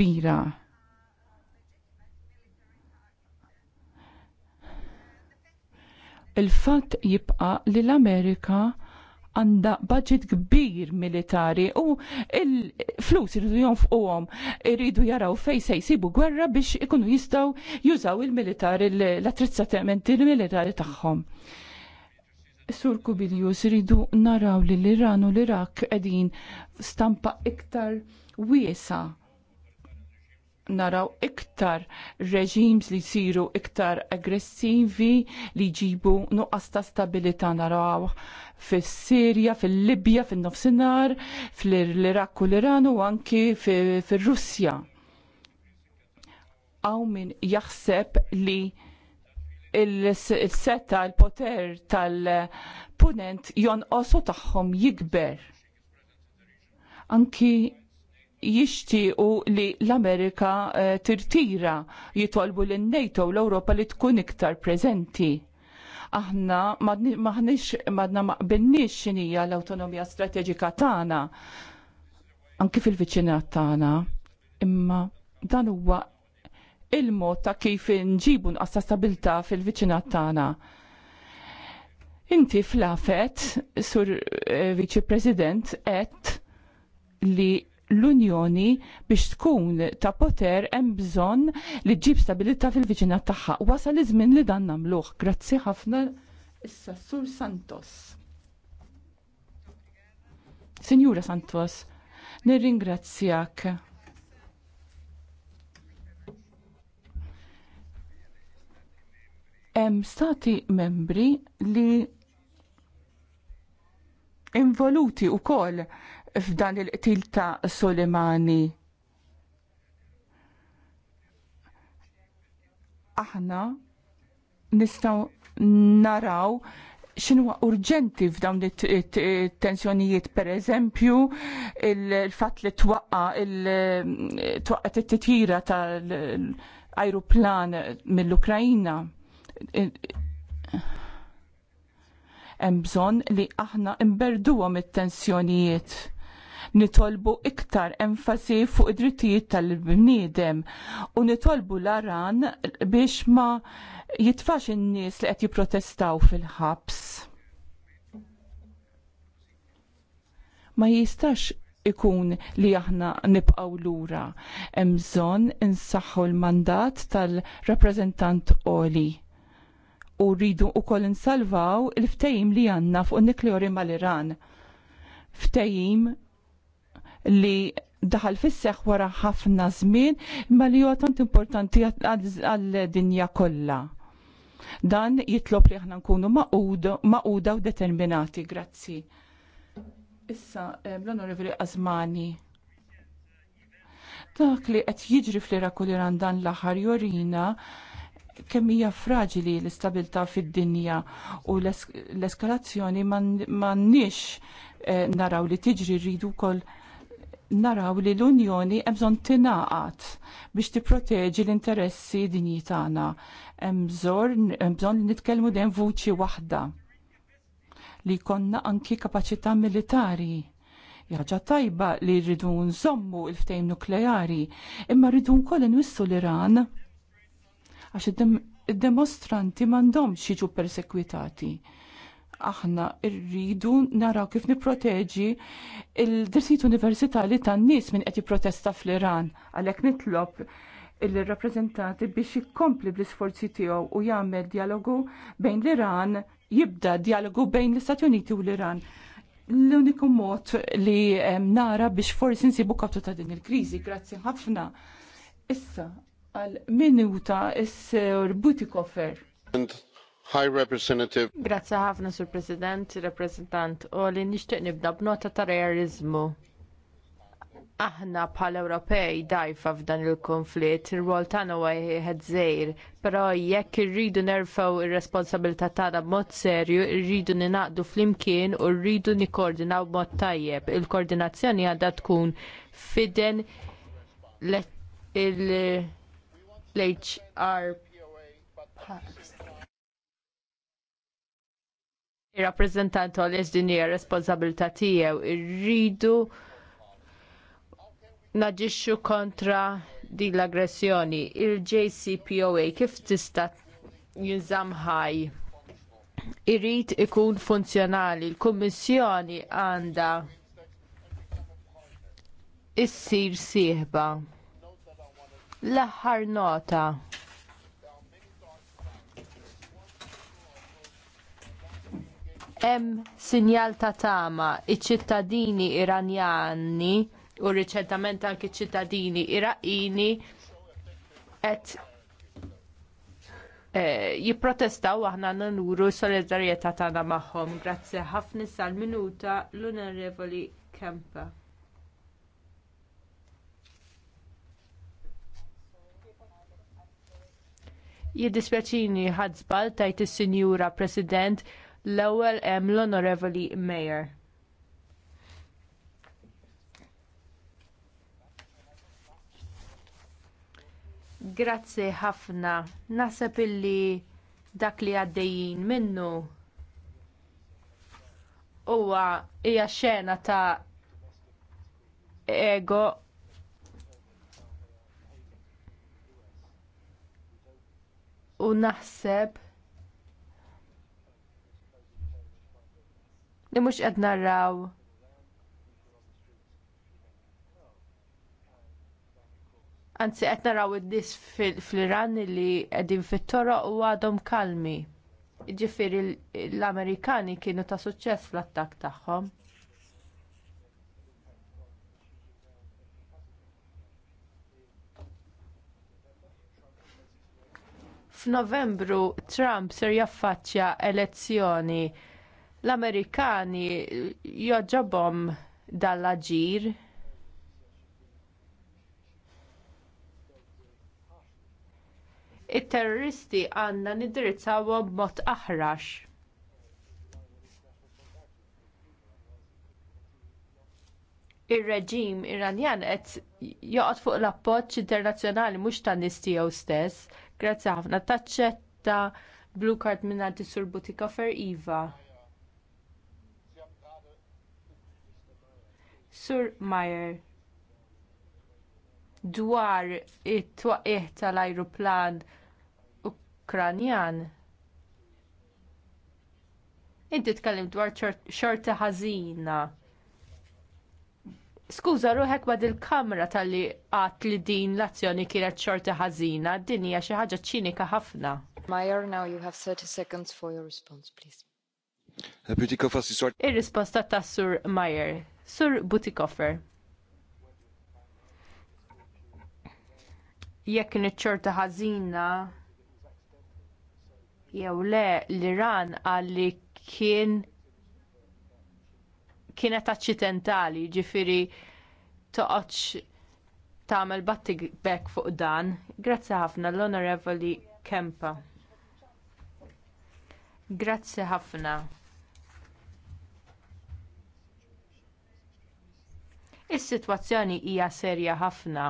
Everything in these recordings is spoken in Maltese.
kbira. Il-fatt jibqa li l-Amerika għanda budget kbir militari u il-flus irridu jonfquhom irridu jaraw fej se jsibu gwerra biex ikunu jistaw jużaw il-militari l-attrizzamenti il-militari tagħhom. Sur Kubilius irridu naraw li l-Iran u l-Irak qegħdin stampa iktar wiesa naraw iktar reġims li jsiru iktar aggressivi li jġibu nuqqas ta' stabilità naraw fis-Sirja, fil-Libja, fin-nofsinhar, fl-Iraq u l-Iran u anki fir-Russja. Aw min jaħseb li il-seta, il-poter tal-punent jonqosu tagħhom jikber. Anki jixtiequ li l-Amerika eh, tirtira jitolbu lin nato l-Ewropa li tkun iktar prezenti. Aħna maħnix madna maqbinnix xinija l-autonomija strateġika tagħna anki fil-viċinat tagħna. Imma dan huwa il-mod ta' kif nġibu nqassa stabilta fil-viċinat tagħna. Inti flafet, sur eh, viċi president, et li l-Unjoni biex tkun ta' poter hemm bżonn li ġib stabilità fil-viċinat tagħha. Wasal iż-żmien li dan nagħmluh. Grazzi ħafna issa Sur Santos. Sinjura Santos, nirringrazzjak. Hemm stati membri li involuti wkoll f'dan il-qtil ta' Soleimani. Aħna nistaw naraw xinwa urġenti f'dawn it-tensjonijiet, per eżempju, il-fat li twaqqa il-twaqqat it-titjira tal-ajruplan mill-Ukrajina. Hemm bżonn li aħna imberduhom it-tensjonijiet nitolbu iktar enfasi fuq id-drittijiet tal-bniedem u nitolbu l-aran biex ma jitfax in-nies li qed jipprotestaw fil-ħabs. Ma jistax ikun li aħna nibqaw lura. Hemm bżonn insaħħu l-mandat tal-rappreżentant Oli. U rridu wkoll insalvaw il-ftehim li għandna fuq nukleari mal-Iran. Ftehim li daħal fisseħ wara ħafna żmien imma li huwa tant importanti għal-dinja kollha. Dan jitlob li aħna nkunu maquda u determinati, grazzi. Issa, eh, l-onorevoli Azmani. Dak li qed jiġri fl-Iraq iran dan l-aħħar jorina kemm hija fraġili l-istabilità fid-dinja u l-eskalazzjoni m'għandniex eh, naraw li tiġri rridu wkoll naraw li l-Unjoni hemm bżonn tingħaqad biex tipproteġi l-interessi dinji tagħna. Hemm bżonn li nitkellmu dejjem vuċi waħda li konna anki kapaċità militari. Jaġa tajba li rridu nżommu il ftejn nukleari, imma rridu nkoll nwissu l-Iran għax id-demostranti mandom jiġu persekwitati. Aħna rridu naraw kif niproteġi il-dirsit universitali tan-nies minn qed jipprotesta fl-Iran. Għalhekk nitlob il-rappresentanti biex jikkompli bl-isforzi tiegħu u jagħmel dialogu bejn l-Iran, jibda dialogu bejn l-Istati Uniti u l-Iran. L-uniku mod li nara biex forsi nsibu kaptu ta' din il-kriżi, grazzi ħafna. Issa, għal minuta is Butikofer. High Representative. Grazzi ħafna Sur President, Rappresentant Oli, nixtieq nibda b'nota ta' realizmu. Aħna bħal Ewropej dajfa f'dan il-konflitt, ir-rwol tagħna huwa jieħed żejr, però jekk irridu nerfgħu ir-responsabilità tagħna b'mod serju, irridu ninaqdu flimkien u rridu nikkoordinaw b'mod tajjeb. Il-koordinazzjoni għadha tkun fiden l-HR rappresentant għal dinja responsabilità tiegħu irridu naġixxu kontra din l-aggressjoni. Il-JCPOA kif tista' jinżamħaj irrid ikun funzjonali. l kummissjoni għandha issir sieħba. L-aħħar nota hemm sinjal ta' tama iċ-ċittadini Iranjani u riċentament anki ċittadini Iraqini qed eh, jipprotestaw aħna nanuru solidarjetà tagħna magħhom. Grazzi ħafna sal-minuta l-Onorevoli Kempa. Jiddispjaċini ħadżbal tajt is-Sinjura President L-ewwel hemm l-Onorevoli Mayor. Grazzi ħafna. Naħseb illi dak li għaddejjin minnu huwa hija xena ta' ego u naħseb li mhux qed narraw Anzi, qed naraw id-dis fl-Iran li qegħdin fit-toroq u għadhom kalmi. Ġifir l-Amerikani kienu ta' suċċess fl-attakk tagħhom. F'Novembru Trump ser jaffaċċja elezzjoni L-Amerikani joġobom dal-aġir it-terroristi għandna nidirizzawhom b'mod aħrax. Ir-reġim Iranjan qed joqgħod fuq l-appoġġ internazzjonali mhux tan nies tiegħu stess, grazzi ħafna taċċetta Blue Card minn Sur Butika Fer Iva. Sur Meyer dwar it-twaqih tal-ajruplan Ukranjan. Inti tkellim dwar xorta ħażina. Skuża ruħek ma il kamra tal-li għat li din l-azzjoni kienet xorta ħażina, din hija xi ħaġa ċinika ħafna. Mayor, now you have 30 seconds for your response, please. Ir-risposta tas Sur Mayer. Sur Butikoffer. Jekk niċċorta ħażina jew le l-Iran għalli kien kienet aċċidentali, ġifiri toqgħodx tagħmel battik bek fuq dan. Grazzi ħafna l-Onorevoli Kempa. Grazzi ħafna. Is-sitwazzjoni hija serja ħafna.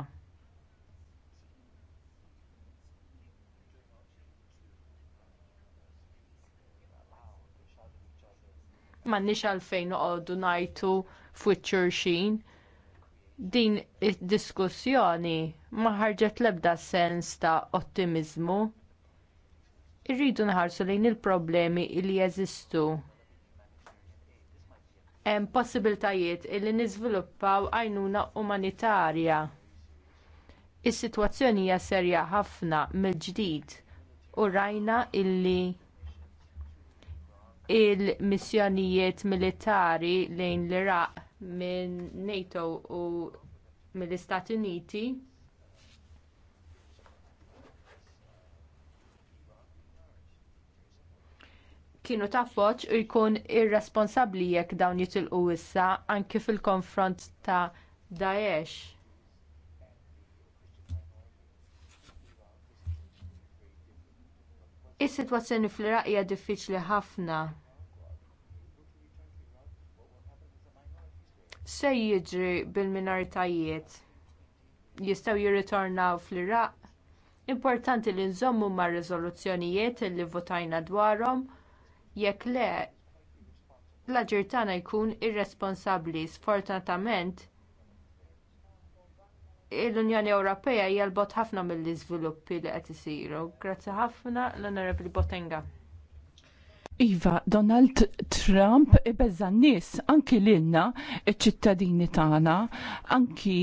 M'għandniex għalfejn noqogħdu ngħidu fuq xulxin. Din id-diskussjoni ma ħarġet l-ebda sens ta' ottimiżmu. Irridu naħarsu lejn il-problemi li jeżistu hemm possibiltajiet li niżviluppaw għajnuna umanitarja. Is-sitwazzjoni hija serja ħafna mill-ġdid u rajna illi il-missjonijiet militari lejn l-Iraq minn NATO u mill-Istati Uniti kienu ta' foċ u jkun irresponsabbli jekk dawn jitilqu issa anki fil-konfront ta' Daesh. Is-sitwazzjoni fl-Iraq hija diffiċli ħafna. Se jiġri bil-minoritajiet jistgħu jirritornaw fl-Iraq importanti li nżommu mar riżoluzzjonijiet li votajna dwarhom Jekk le, l-aġir tagħna jkun irresponsabbli. Sfortunatament, l-Unjoni Ewropea hija l ħafna mill-iżviluppi li qed isiru. Grazzi ħafna l-Onorevoli Botenga. Iva, Donald Trump ibeżza n-nies anki l-inna, ċittadini tagħna, anki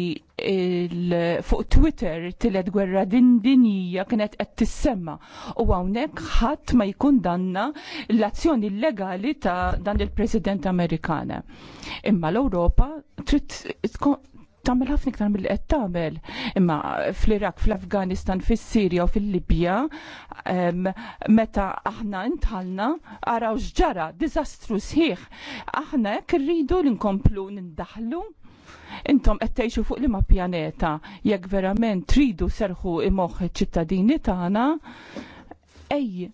fuq Twitter tilet gwerra din dinija kienet qed tissemma u hawnhekk ħadd ma jkundanna l-azzjoni legali ta' dan il-President Amerikana. Imma l-Ewropa trid tagħmel ħafna iktar mill qed tagħmel. Imma fl iraq fl-Afganistan, fis-Sirja u fil-Libja meta aħna intħalna araw x'ġara diżastru sħiħ. Aħna jekk irridu nkomplu nindaħlu intom qed tgħixu fuq liema pjaneta jekk verament tridu serħu imoħħ iċ-ċittadini tagħna ej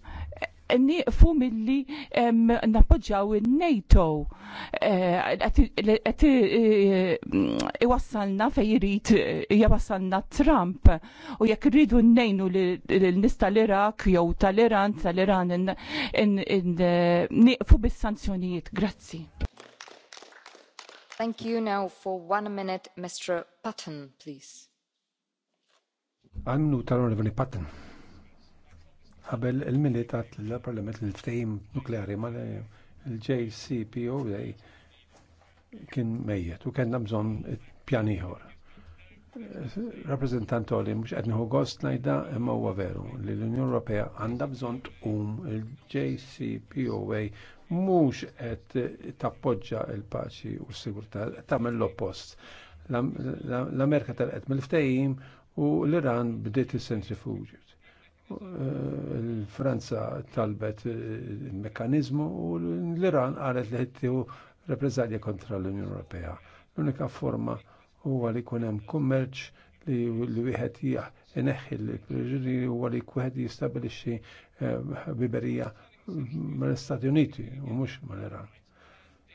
niqfu milli nappoġġaw il-NATO Għati eh, eh, iwassalna fejn irid jawassalna eh, Trump u jekk irridu nnejnu l-nis tal-Irak jew tal-Iran tal-Iran niqfu bis-sanzjonijiet. Grazzi. Thank you now for one minute, Mr. Patton, please. Għannu tal Patton qabel il-mili ta' l-Parlament l-ftehim nukleari ma' l-JCPO kien mejjet u kellna bżonn pjan ieħor. Rappresentant li mhux qed nieħu gost ngħidha imma huwa veru li l-Unjoni Ewropea għandha bżonn tqum il-JCPOA mhux qed tappoġġa l-paċi u s-sigurtà tagħmel l-oppost. L-Amerika tal għed mill-ftehim u l-Iran bdiet is-sentrifuġi l-Franza talbet il-mekanizmu u l-Iran għalet li ħittiju reprezalje kontra l-Unjoni Ewropea. L-unika forma huwa li kun hemm kummerċ li wieħed ineħħi l-preġuri u li wieħed jistabilixxi eh, biberija mal-Istati Uniti u mhux mal-Iran.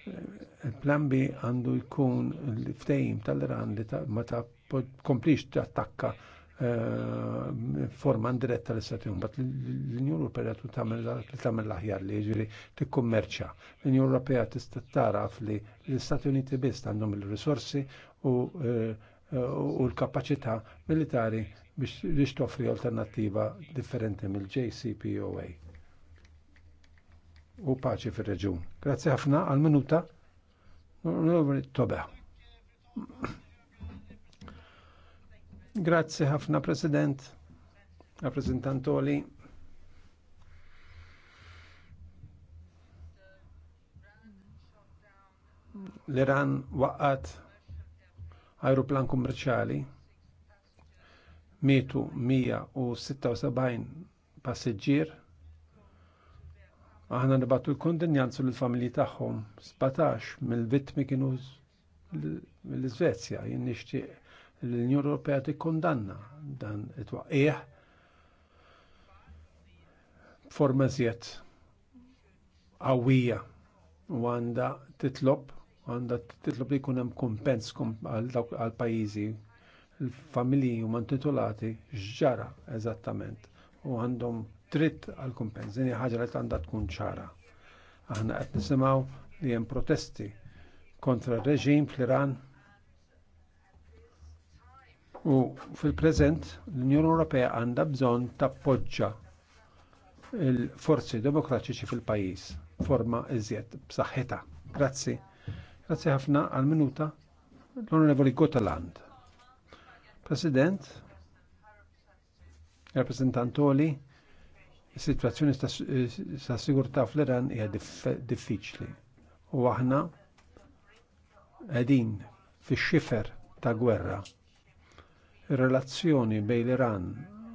Il-plan B għandu jkun l-ftejim tal-Iran li ma ta' komplix attakka Eh, forma indiretta l-Istati Uniti. L-Unjoni Ewropea tagħmel l-aħjar li jiġri tikkummerċja. L-Unjoni Ewropea tista' taraf li l-Istati Uniti biss għandhom il-risorsi u eh, l-kapaċità militari biex toffri alternattiva differenti mill-JCPOA u paċi fir-reġun. Grazzi ħafna għal-minuta. Tobeħ. Grazzi ħafna President, Oli. L-Iran waqqat aeroplan kummerċali mietu 176 passiġġier. Aħna nibatu l-kondinjanzu l-familji tagħhom 17 mill-vittmi kienu l-Svezja, jien nixtieq L-Unjoni Ewropea tikkondanna dan it twaqqieħ forma zjed qawwija u għandha titlob għandha titlob li jkun hemm kumpens għal pajjiżi l familji huma intitolati x'ġara eżattament u għandhom dritt għal kumpens. Dini ħaġa li għandha tkun ċara. Aħna qed nisimgħu li hemm protesti kontra r reġim fl-Iran U fil-preżent l-Unjoni Ewropea għandha bżonn tappoġġa l forzi demokratiċi fil-pajjiż forma iżjed b'saħħitha. Grazzi. Grazzi ħafna għal minuta l-Onorevoli Gotaland. President, rappresentantoli, situazzjoni sta' sigurtà fl-Iran hija diffiċli. U aħna qegħdin fix-xifer ta' gwerra Ir-relazzjoni bejn l-Iran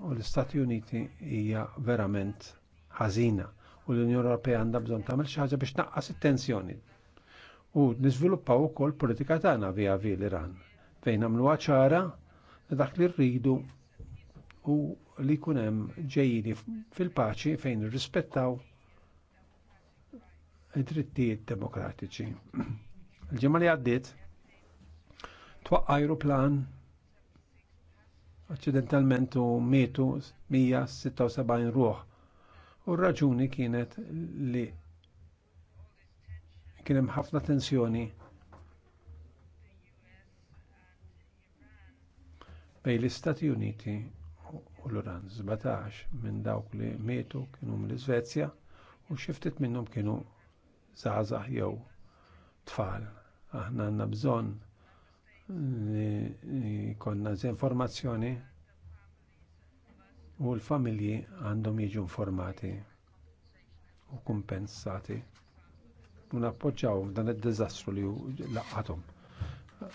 u l-Istati Uniti hija verament ħażina u l-Unjoni Ewropea għandha bżonn tagħmel xi ħaġa biex tnaqqas it-tensjoni. U niżviluppaw ukoll politika tagħna via via l-Iran fejn nagħmluha ċara li dak li rridu u li jkun hemm ġejjini fil-paċi fejn irrispettaw id-drittijiet demokratiċi. Il-ġimgħa li għaddiet twaqqa ajruplan aċċidentalment u mietu 176 ruħ. U raġuni kienet li kien hemm ħafna tensjoni bejn l-Istati Uniti u l-Iran 17 minn dawk li mietu kienu mill-Iżvezja u xiftit minnhom kienu żgħażagħ jew tfal. Aħna għandna bżonn konna z informazzjoni u l-familji għandhom jiġu informati u kumpensati u nappoġġaw dan il-dizastru li laqgħathom.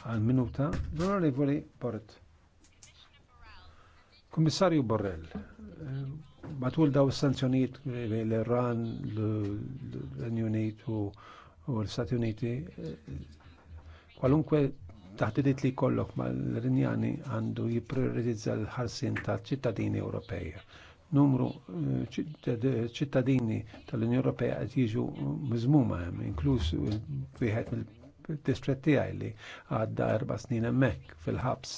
Għal minuta, l-onorevoli Bort. Kummissarju Borrell, matul daw s-sanzjoniet l-Iran, l-Unjoniet u l-Stati Uniti, kwalunkwe taħdidiet li kollok mal-Rinjani għandu jipprioritizza l-ħarsin ta' ċittadini Ewropej. Numru eh, eh, ċittadini tal-Unjoni Ewropea qed jiġu miżmuma hemm, inkluż wieħed mill-distret tiegħi li għadda erba' snin hemmhekk fil-ħabs.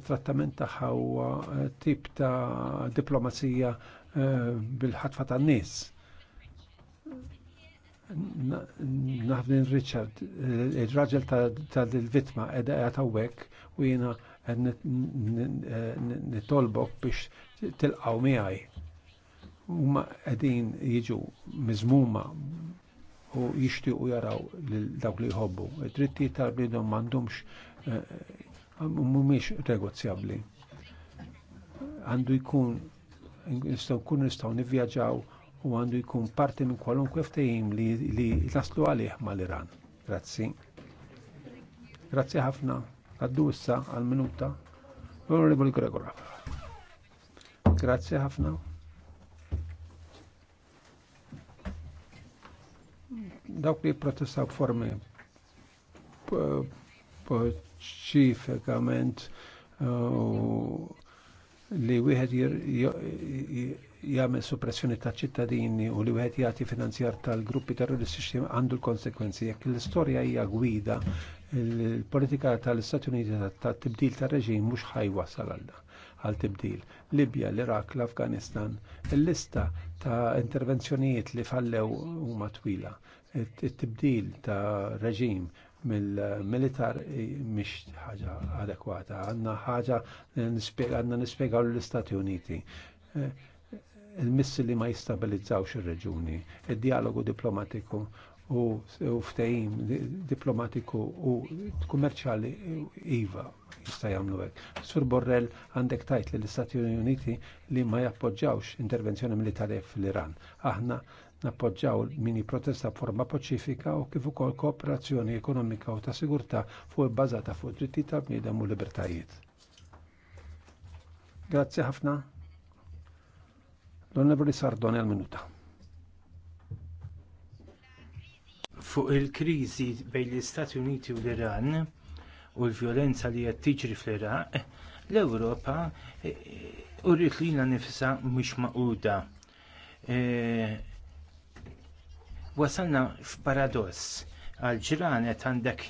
It-trattament tagħha huwa tip ta' diplomazija eh, bil-ħatfa tan-nies Naħdin Richard, eh, il-raġel tal-vitma edha għata wek u jena nitolbok biex tilqaw mi għaj. U ma għedin jiġu mizmuma u jishti u jaraw l dawk li jħobbu. dritti tal bidom mandumx eh, mumiex negozjabbli. Għandu jkun nistaw kun nistaw nivjaġaw u għandu jkun parti minn kwalunkwe ftehim li, li naslu għalih mal-Iran. Grazzi. Grazzi ħafna. Għaddu issa għal-minuta. Onorevoli Gregora. Grazzi ħafna. Dawk li protestaw formi paċifikament uh, li wieħed jagħmel suppressjoni ta' ċittadini u li wieħed jagħti finanzjar tal-gruppi terroristiċi għandu l-konsekwenzi. Jekk l-istorja hija gwida, il-politika tal-Istati Uniti ta' tibdil ta' reġim mhux ħajwasal għal għal tibdil. Libja, l-Iraq, l-Afganistan, il-lista ta' intervenzjonijiet li fallew huma twila. It-tibdil ta' reġim mill-militar mhix ħaġa adekwata. Għandna ħaġa għandna nispjegaw l-Istati Uniti il-missi li ma jistabilizzawx ir-reġuni, il dialogu diplomatiku u, u diplomatiku u kummerċali iva jista' jagħmlu hekk. Sur Borrell għandek tajt li l-Istati Uniti li ma jappoġġawx intervenzjoni militari fl-Iran. Aħna nappoġġaw mini protesta b'forma paċifika u kif ukoll kooperazzjoni ekonomika u ta' sigurtà fuq bbażata fuq dritti tal-bniedem u libertajiet. Grazzi ħafna. L-Onorevoli Sardoni għal minuta. Fuq il-kriżi bejn l-Istati Uniti u l-Iran u l-vjolenza li qed tiġri fl-Iraq, l-Ewropa e, e, urrit li nifsa mhux maquda. E, wasalna f'paradoss għal ġranet għandek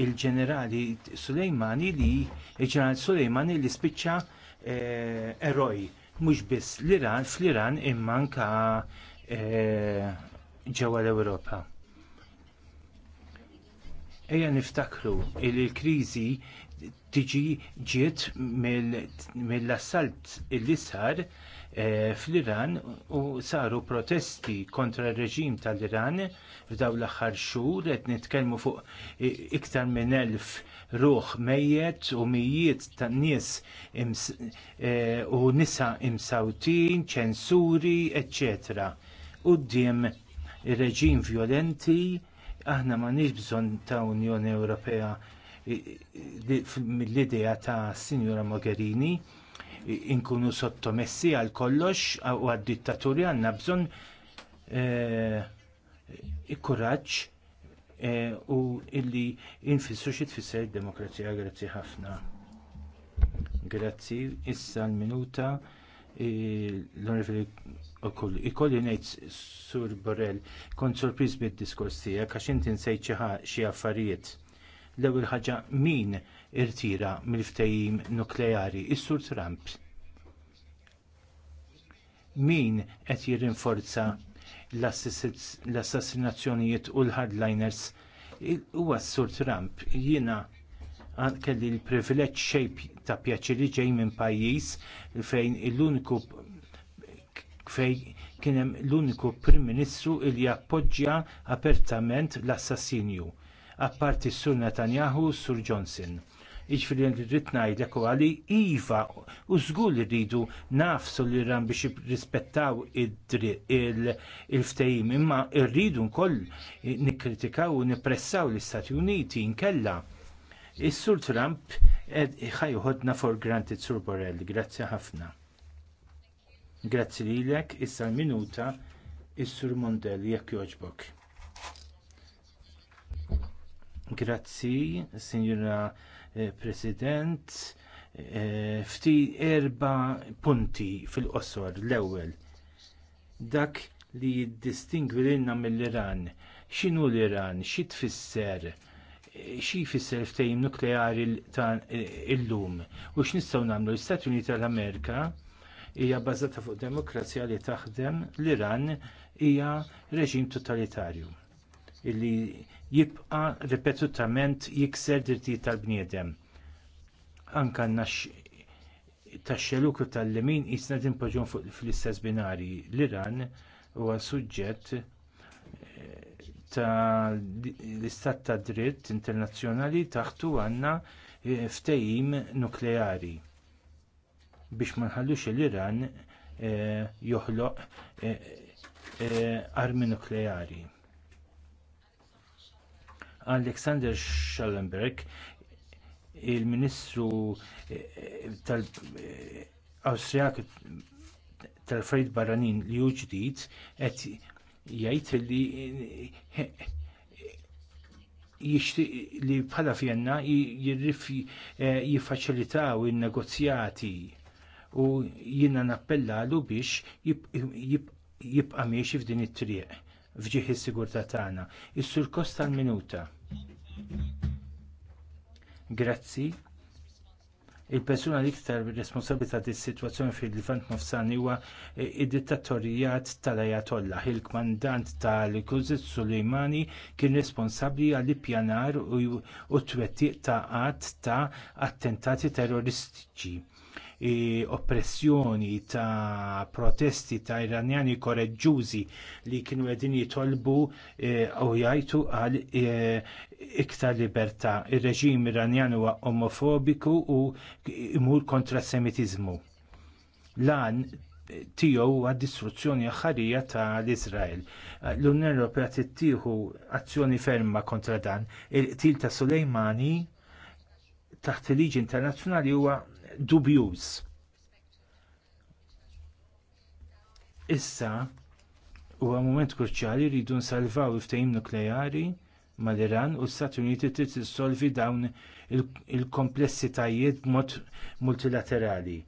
il-ġenerali Sulejmani li il-ġenerali Sulejmani li spiċċa eroj mhux biss l-Iran fl-Iran imma anke ġewwa l-Ewropa. Ejja niftakru li l kriżi tiġi ġiet mill-assalt illi sar eh, fl-Iran u saru protesti kontra r reġim tal-Iran f'daw l-aħħar xhur qed nitkellmu fuq iktar minn elf ruħ mejjed u mijiet ta' nies eh, u nisa imsawtin, ċensuri, etc. U d-diem reġim vjolenti aħna ma nix bżonn ta' Unjoni Ewropea mill-idea ta' Signora Mogherini inkunu sottomessi għal kollox u għad dittaturi għandna bżonn eh, kuraġġ e, eh, u illi infissu xi tfisser id-demokrazija grazzi ħafna. Grazzi, issa l-minuta eh, l-onorevoli Okul, ikolli ngħid Sur Borrell, kont sorpriż bid-diskors tiegħek għax inti nsejt xi affarijiet L-ewwel ħaġa min irtira mill-ftehim nukleari, is-Sur Trump. Min qed jirrinforza l-assassinazzjonijiet u l-hardliners huwa s-Sur Trump. Jiena kelli l-privileġġ xejp ta' pjaċiri ġej minn pajjiż fejn l-uniku fej kien hemm l-uniku Prim Ministru li jappoġġja apertament l-assassinju apparti sur Netanyahu sur Johnson. Iġfiri li rrit ngħidlek għali iva u żgur li rridu nafsu li ran biex jirrispettaw il-ftehim imma rridu nkoll nikkritikaw u nippressaw l-Istati Uniti nkella. Is-Sur Trump ħajħodna for granted Sur Borrell, grazzi ħafna. Grazzi lilek, issa l-minuta is-Sur Mondelli jekk jogħġbok. Grazzi, Signora eh, President. Eh, Fti erba punti fil-qosor l-ewwel. Dak li jiddistingwi l-inna mill-Iran. X'inhu l-Iran? Xi tfisser? Eh, xi jfisser ftejim nukleari ta' illum? U x'nistgħu nagħmlu l-Istati Uniti tal-Amerika hija bbażata fuq demokrazija li taħdem l-Iran hija reġim totalitarju illi jibqa ripetutament jikser drittijiet tal-bniedem. Anka nax tax-xelukru tal-lemin jisna dimpoġun fl-istess binari. L-Iran huwa suġġett eh, ta' l-istat ta' dritt internazzjonali taħtu għandna eh, ftehim nukleari biex ma nħallux l-Iran eh, joħloq armi nukleari. Alexander Schallenberg, il-Ministru eh, tal-Awstrijak eh, tal-Frejt Barranin li hu ġdid qed jgħid li eh, li bħala fjenna jiffaċilitaw in-negozjati u jiena nappellalu biex jibqa' miexi f'din it-triq fġiħi s-sigurtà tagħna. Is-sur kost tal minuta Grazzi. Il-persuna li iktar responsabilità dis situazzjoni fil livant Nofsani huwa e, id-dittatorijat tal-Ajatollah. Il-kmandant tal-Kuzit Sulejmani kien responsabbli għall ippjanar u t-twettiq ta' qatt ta' attentati terroristiċi oppressjoni ta' protesti ta' iranjani koreġġużi li kienu għedin jitolbu e, u jajtu għal e, iktar libertà. Ir-reġim iranjan huwa omofobiku u imur kontra s semitiżmu. Lan tiegħu huwa distruzzjoni aħħarija tal iżrael L-Unjoni Ewropea tittieħu azzjoni ferma kontra dan. Il-qtil ta' Sulejmani taħt il-liġi internazzjonali huwa dubjuż. Issa, huwa mument kruċjali rridu nsalvaw il ftajim nukleari mal-Iran u s stati Uniti trid tissolvi dawn il-komplessitajiet mod multilaterali.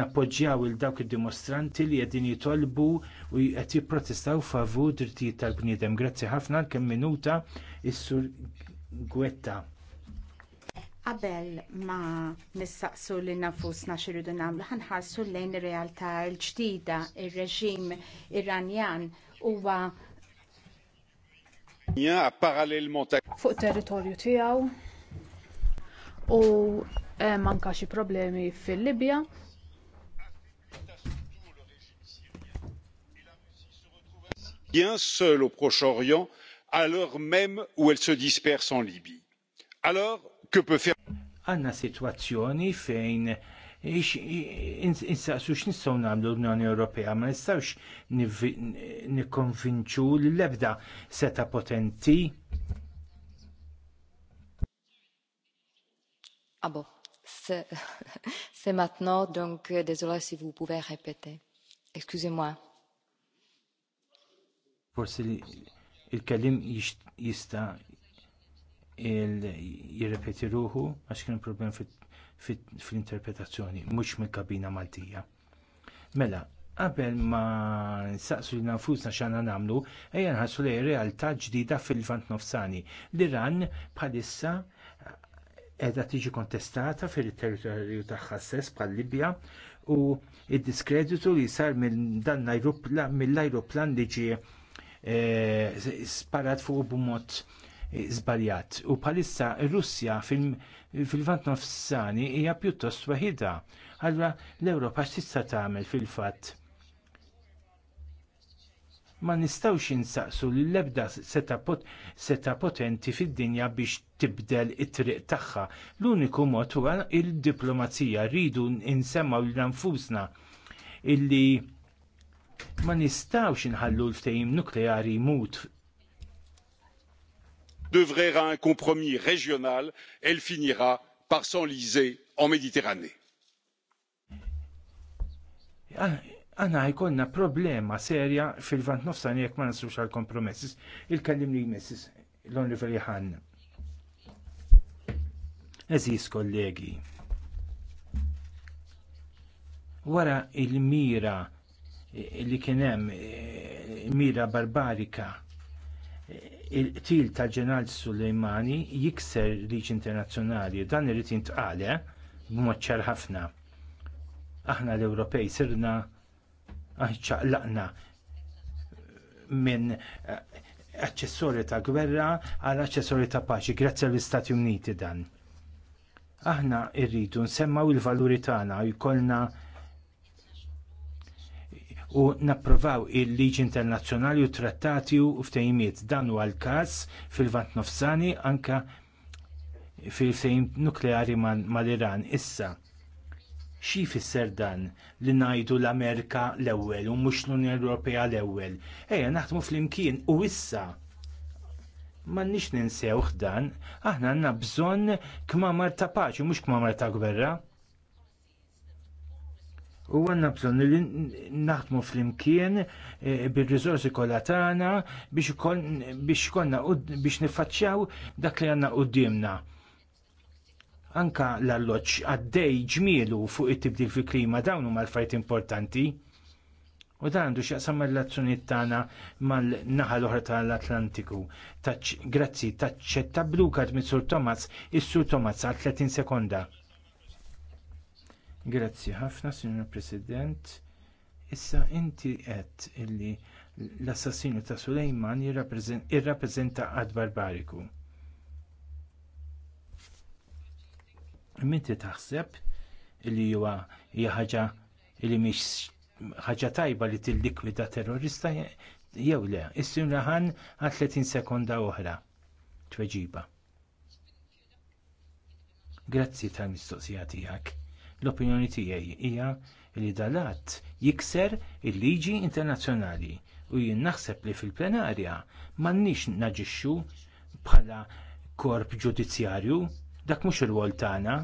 Nappoġġjaw il dawk id-dimostranti li qegħdin jitolbu u qed jipprotestaw favur drittijiet tal-bniedem. Grazzi ħafna kemm minuta is-sur Gwetta. Qabel ma nissaqsu li nafusna xirridu namlu ħanħarsu lejn ir-realtà l-ġdida, ir-reġim Iranjan huwa fuq territorju tiegħu u eh, manka xi problemi fil-Libja bien seul au Proche-Orient, à l'heure même où elle se disperse en Libye. Alors, Għanna situazzjoni fejn Insaqsu x'nistgħu nagħmlu l-Unjoni Ewropea, ma nistgħux nikkonvinċu li l-ebda seta' potenti. Abo, ah se maintenant, donk euh, désolé si vu pouvez repete. Excusez-moi. Forse il-kellim jista' jirrepeti ruħu għax kien problem fil-interpretazzjoni, mhux mill-kabina Maltija. Mela, qabel ma nsaqsu li nafusna xana nagħmlu, ejja ħassu li realtà ġdida fil-vant nofsani. L-Iran bħalissa qiegħda tiġi kontestata fil-territorju tagħha stess bħal Libja u d diskreditu li sar minn dan mill-ajruplan li ġie eh, sparat fuq b'mod żbaljat. U bħalissa Russja fil-vant nofsani hija pjuttost waħida. Allura l-Ewropa x'tista' tagħmel fil-fatt? Ma nistawx insaqsu li l-ebda seta potenti fid-dinja biex tibdel it-triq tagħha. L-uniku mod huwa il-diplomazija rridu nsemmaw lil nfusna illi ma nistawx inħallu l-ftehim nukleari mut d'œuvrer à un compromis régional elle finira par s'enliser en méditerranée. Aħna ah, ħajkonna problema serja fil-vant nofsan jek ma nasrux għal kompromessis. il kallim li jmessis l fil-jħan. Eżis kollegi. Wara il-mira eh, li kienem eh, mira barbarika il-qtil ta' ġeneral Sulejmani jikser liġi internazzjonali u dan irid jintqale eh? b'maċċar ħafna. Aħna l-Ewropej sirna ċaqlaqna minn eh, aċċessorju ta' gwerra għal aċċessorju ta' paċi, grazzi għall istati Uniti dan. Aħna rridu nsemmaw il-valuri tagħna u jkollna u napprovaw il-liġi internazzjonali u trattati u ftejmiet. Dan huwa l-każ fil-vant nofsani anka fil-ftejm nukleari mal-Iran issa. Xi fisser dan li ngħidu l-Amerika l-ewwel u mhux l-Unjoni Ewropea l-ewwel. Ejja naħdmu flimkien u issa m'għandniex ninsewh dan, aħna għandna bżonn kmamar ta' paċi mhux kmamar ta' gwerra U għanna bżon li naħdmu fl-imkien e, bil-rizorsi kollha tagħna biex konna biex nifacċaw dak li għanna qudiemna. Anka l-alloċ għaddej ġmielu fuq it-tibdil fil-klima dawn huma l-fajt importanti. U dan għandu x'jaqsam relazzjonijiet tagħna mal-naħa l-oħra tal-Atlantiku. Grazzi, taċċetta blu kart mit-Sur Thomas, is-Sur Thomas għal 30 sekonda. Grazzi ħafna, Signor President. Issa inti qed illi l-assassinu ta' Sulejman jirrappreżenta għad barbariku. Minti taħseb illi huwa hija ħaġa illi mhix ħaġa tajba li tillikwida terrorista jew le, issim raħan għal 30 sekonda oħra. Tweġiba. Grazzi tal-mistoqsija tiegħek. L-opinjoni tiegħi hija li dalat jikser il-liġi internazzjonali u jien naħseb li fil-plenarja m'għandniex naġixxu bħala korp ġudizzjarju dak mhux ir-rwol tagħna.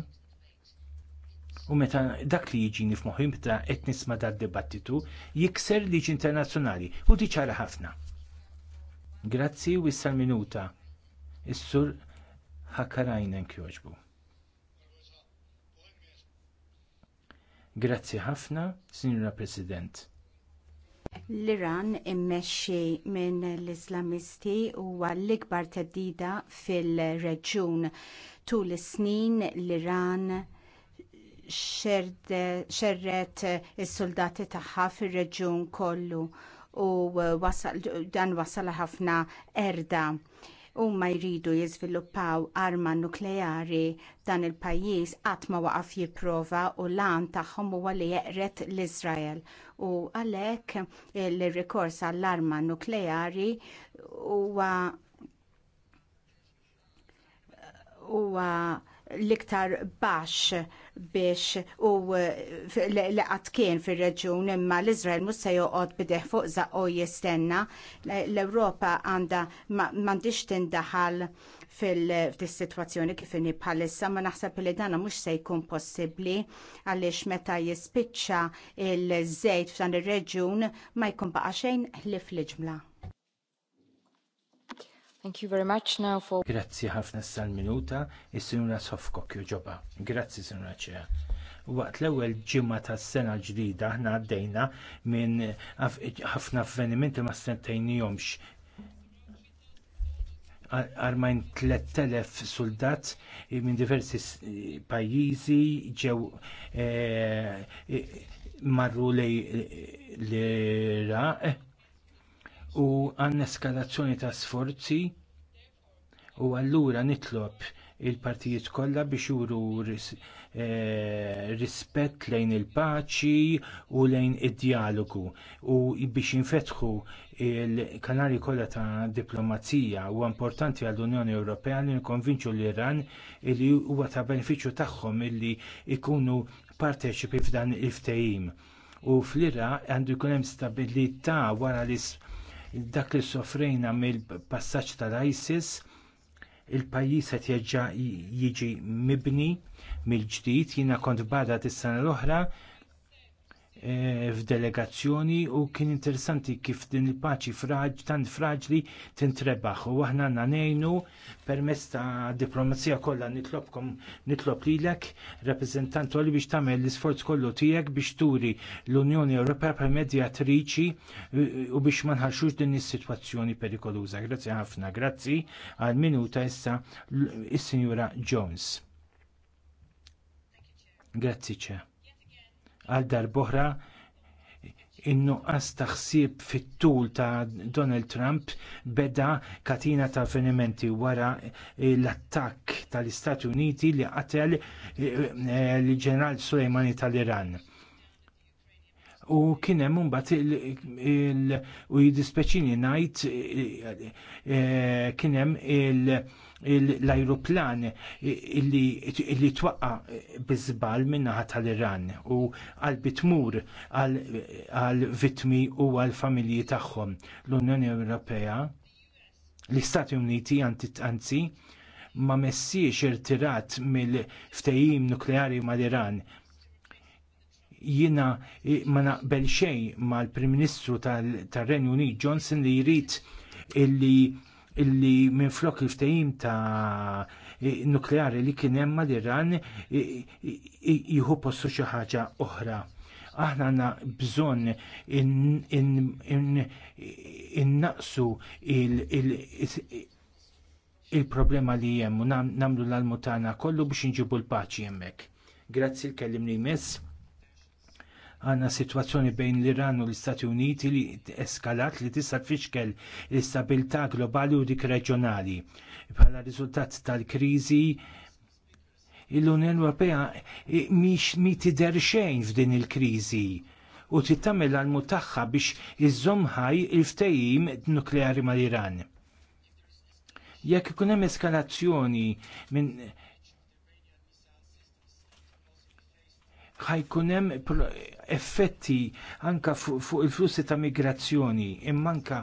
U meta dak li jiġini f'moħħi meta qed nisma' dad-dibattitu jikser liġi internazzjonali u di ċara ħafna. Grazzi u issa minuta. Is-sur ħakkarajna nkjoġbu. Grazzi ħafna, Signora President. L-Iran immexxi minn l-Islamisti huwa l-ikbar teddida fil-reġjun. Tul is-snin l-Iran xerret is-soldati tagħha fir-reġjun kollu u dan wasal ħafna erda huma jridu jiżviluppaw arma nukleari dan il-pajjiż qatt ma waqaf jipprova u lan tagħhom huwa li jeqret l-Iżrael u għalhekk il-rikors għall-arma nukleari huwa l-iktar baxx biex u eh, li qatt kien fir reġjun imma l-Izrael mhux se joqgħod bideħ fuq zaqo jistenna l-Ewropa għandha m'għandix tindaħal fil sitwazzjoni kif inhi bħalissa ma naħseb li dana mhux se jkun possibbli għaliex meta jispiċċa l żejt f'dan ir-reġjun ma jkun baqa' xejn ħlief l-ġmla. Thank you very much now for... Grazzi ħafna sal-minuta, is-sinura Sofko ġoba. Grazzi, sinura ċeħ. Waqt l-ewwel ġimgħa tas-sena ġdida aħna għaddejna minn ħafna avvenimenti ma sentejnihomx armajn 3000 soldat minn diversi pajjiżi ġew eh, marru li l-Iraq u għan eskalazzjoni ta' sforzi u allura nitlob il-partijiet kollha biex juru ris eh, rispett lejn il-paċi u lejn id-dialogu u biex jinfetħu il-kanali kollha ta' diplomazija huwa importanti għall-Unjoni Ewropea li nkonvinċu l-Iran li huwa ta' benefiċċju tagħhom illi jkunu parteċipi f'dan il-ftehim u fl-ira għandu jkun hemm stabilità wara li dak li sofrejna mill-passaġġ tal-ISIS il-pajjiż qed jerġa' jiġi mibni mill-ġdid jiena kont bada tis-sena l-oħra E, f'delegazzjoni u kien interessanti kif din il-paċi fraġ, tant fraġli tintrebaħ u aħna ngħinu permezz ta' diplomazija kollha nitlobkom nitlob lilek rappreżentant li biex tagħmel l-isforz kollu tiegħek biex turi l-Unjoni Ewropea per medjatriċi e, u biex ma nħarxux din is-sitwazzjoni perikoluża. Grazzi ħafna, grazzi għal minuta issa is-Sinjura Jones. Grazzi ċe għal darboħra in-nuqqas ta' ħsieb fit-tul ta' Donald Trump beda katina ta' avvenimenti wara l-attakk tal-Istati Uniti li qatel eh, l-ġeneral Sulejmani tal-Iran u kien hemm imbagħad u jidispeċini ngħid eh, kien hemm il- l-ajruplan illi twaqqa bizbal minnaħa tal-Iran u għal-bitmur għal-vitmi u għal-familji tagħhom. L-Unjoni Ewropea, l-Istati Uniti anzi, ma messiex irtirat mill ftejim nukleari mal-Iran jina ma naqbel xejn mal-Prim Ministru tal-Renju Unit Johnson li jrid illi illi minn flok il-ftehim ta' e, nukleari li kien hemm mal-Iran e, e, jieħu postu xi ħaġa oħra. Aħna għandna bżonn innaqsu il-problema li hemm u nagħmlu l-almutana kollu biex inġibu l-paċi hemmhekk. Grazzi l kellim li mess għanna situazzjoni bejn l-Iran u l-Istati Uniti li eskalat li tista' tfixkel l-istabilità globali u dik reġjonali. Bħala riżultat tal-kriżi l-Unjoni Ewropea miex mi tidher xejn f'din il-kriżi u tittamel għal tagħha biex iżomħaj il-ftejim nukleari mal-Iran. Jekk ikun hemm eskalazzjoni minn ħajkun hemm effetti anka fuq il-flussi ta' migrazzjoni imma anka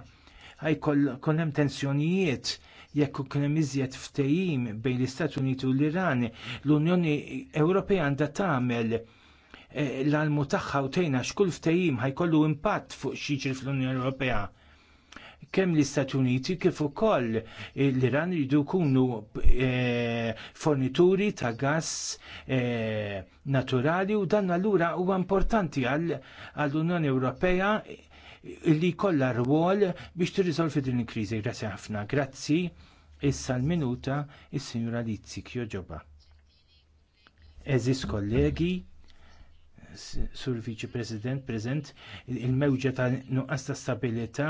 ħajkun hemm tensjonijiet jekk ikun hemm iżjed ftehim bejn l-Istati Uniti u l-Iran, l-Unjoni Ewropea għandha tagħmel eh, l-almu tagħha u tgħinha x'kull ftehim ħajkollu impatt fuq xi fl-Unjoni Ewropea kemm l-Istati Uniti kif ukoll l-Iran jridu jkunu eh, fornituri ta' gass eh, naturali u dan allura huwa importanti għall-Unjoni Ewropea li kollha rwol biex tirriżolvi din il-kriżi. Grazzi ħafna. Grazzi. Issa l-minuta is-Sinjura Lizzi Kjoġoba. Eżis kollegi, sur Viċi President, prezent, il-mewġa ta' nuqqas ta' stabilita'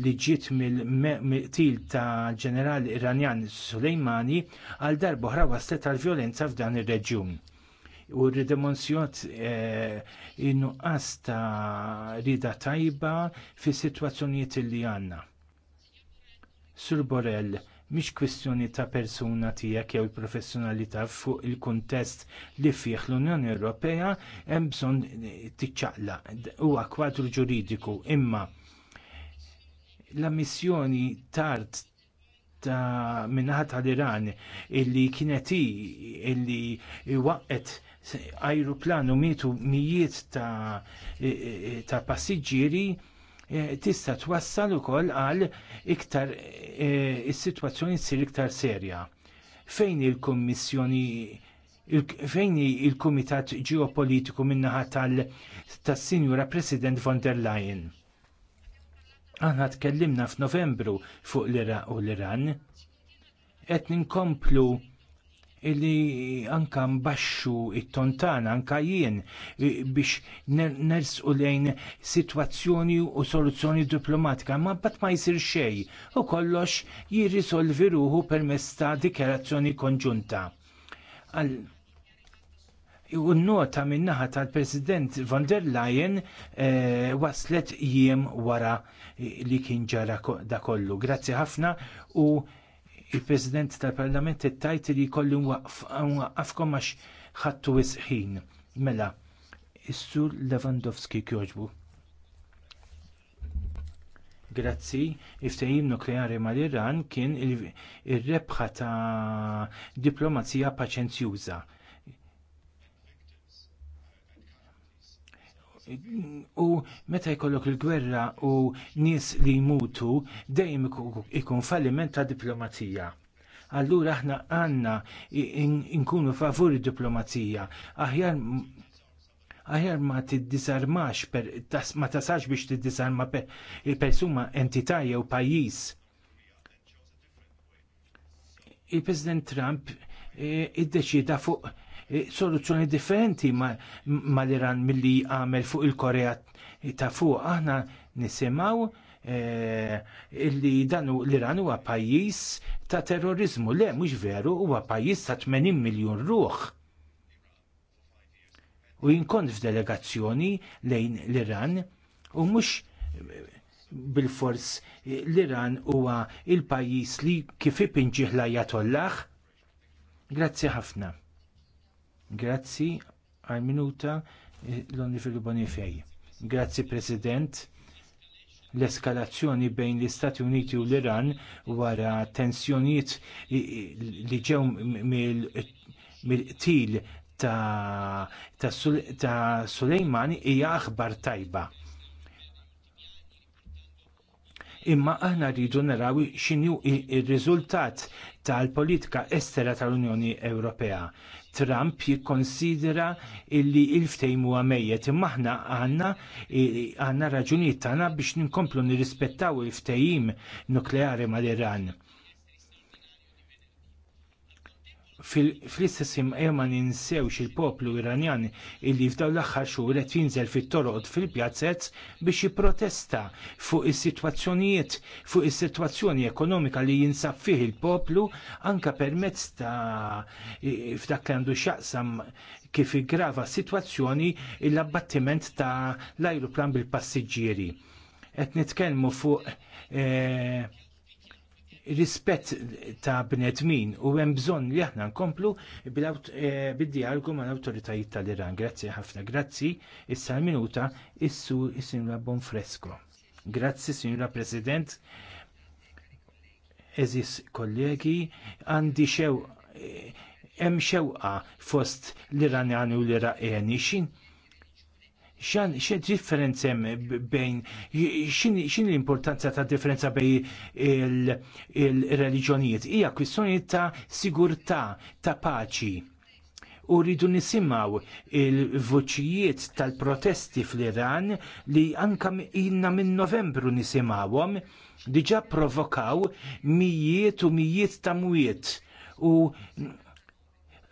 li ġiet mill-til ta' ġenerali Iranjan Sulejmani għal darba waslet tal vjolenza f'dan ir-reġjun. U r-demonzjot eh, innuqqas ta' rida tajba fis sitwazzjonijiet li għandna. Sur Borel, mhix kwistjoni ta' persuna tiegħek jew il-professjonalità fuq il-kuntest li fih l-Unjoni Ewropea hemm bżonn tiċċaqla. huwa kwadru ġuridiku imma l-ammissjoni tard ta' minnaħat tal-Iran illi kieneti illi waqqet ajruplan u mietu mijiet ta', e, e, ta passiġġieri e, tista' twassal ukoll għal iktar is-sitwazzjoni ssir iktar serja. Fejn il-Kummissjoni fejn il-Kumitat Ġeopolitiku min-naħa tas-Sinjura President von der Leyen? Aħna tkellimna f'Novembru fuq l-Iraq u l-Iran. Qed ninkomplu illi anka mbaxxu it-tontana anka jien biex nersqu lejn sitwazzjoni u soluzzjoni diplomatika ma bat ma jsir xej u kollox jirrisolvi ruħu permezz ta' dikjarazzjoni konġunta u nota minnaħa tal-President von der Leyen eh, waslet jiem wara li kien ġara da kollu. Grazzi ħafna u il-President tal-Parlament tajt li kollu waqafkom għax ħattu wisħin. Mela, Is-Sur Lewandowski kjoġbu. Grazzi, iftajim nukleari mal-Iran kien ir rebħa ta' diplomazija paċenzjuża u meta jkollok il-gwerra u nies li jmutu dejjem ikun falliment ta' diplomazija. Allura aħna għandna nkunu favur id diplomazija. Aħjar aħjar ma tiddisarmax, ma tasax biex tiddisarma persuna, entità jew pajjiż. Il-President Trump eh, iddeċieda fuq Eh, soluzzjoni differenti mal-Iran mill milli għamel fuq il-Korea ta' fuq. Aħna nisimaw E, illi dan l-Iran huwa pajjiż ta' terrorizmu. Le, mhux veru, huwa pajjiż ta' 80 miljun ruħ. U jinkont f'delegazzjoni lejn l-Iran u mhux bil-fors l-Iran huwa il-pajjiż li kif ipinġih l-ajatollah. Grazzi ħafna. Grazzi għal minuta eh, l-Onifili Bonifej. Grazzi President l-eskalazzjoni bejn l-Istati Uniti u l-Iran wara tensjonijiet li ġew mill til ta', ta, ta Sulejman hija aħbar tajba. Imma aħna rridu naraw x'inhu r riżultat tal-politika estera tal-Unjoni Ewropea. Trump jikkonsidra illi il-ftejm huwa mejjed imma aħna għandna għandna raġunijiet tagħna biex ninkomplu nirrispettaw il-ftehim nukleari mal-Iran. fl-istess imqema ninsewx il-poplu iranjan illi f'daw l-aħħar xhur qed jinżel fit-toroq fil-pjazzett biex jipprotesta fuq is-sitwazzjonijiet fuq is-sitwazzjoni ekonomika li jinsab fih il-poplu anke permezz ta' f'dak li għandu x'jaqsam kif iggrava s-sitwazzjoni l-abbattiment ta' l-ajruplan bil-passiġġieri. Qed nitkellmu fuq eh, rispett ta' bnedmin u hemm bżonn li aħna nkomplu bid-dialogu eh, mal awtoritajiet tal-Iran. Grazzi ħafna, grazzi, issa l minuta issu is-Sinjura Bonfresco. Grazzi, Sinjura President, eżis kollegi, għandi xew eh, hemm xewqa fost l-Iranjani u l-Iraqeni xin xan xe differenza bejn xin l-importanza ta' differenza bejn il-reliġjonijiet hija kwistjoni ta' sigurtà ta' paċi u rridu nisimaw il-voċijiet tal-protesti fl-Iran li anka inna minn novembru nisimawom diġa provokaw mijiet u mijiet ta' mwiet u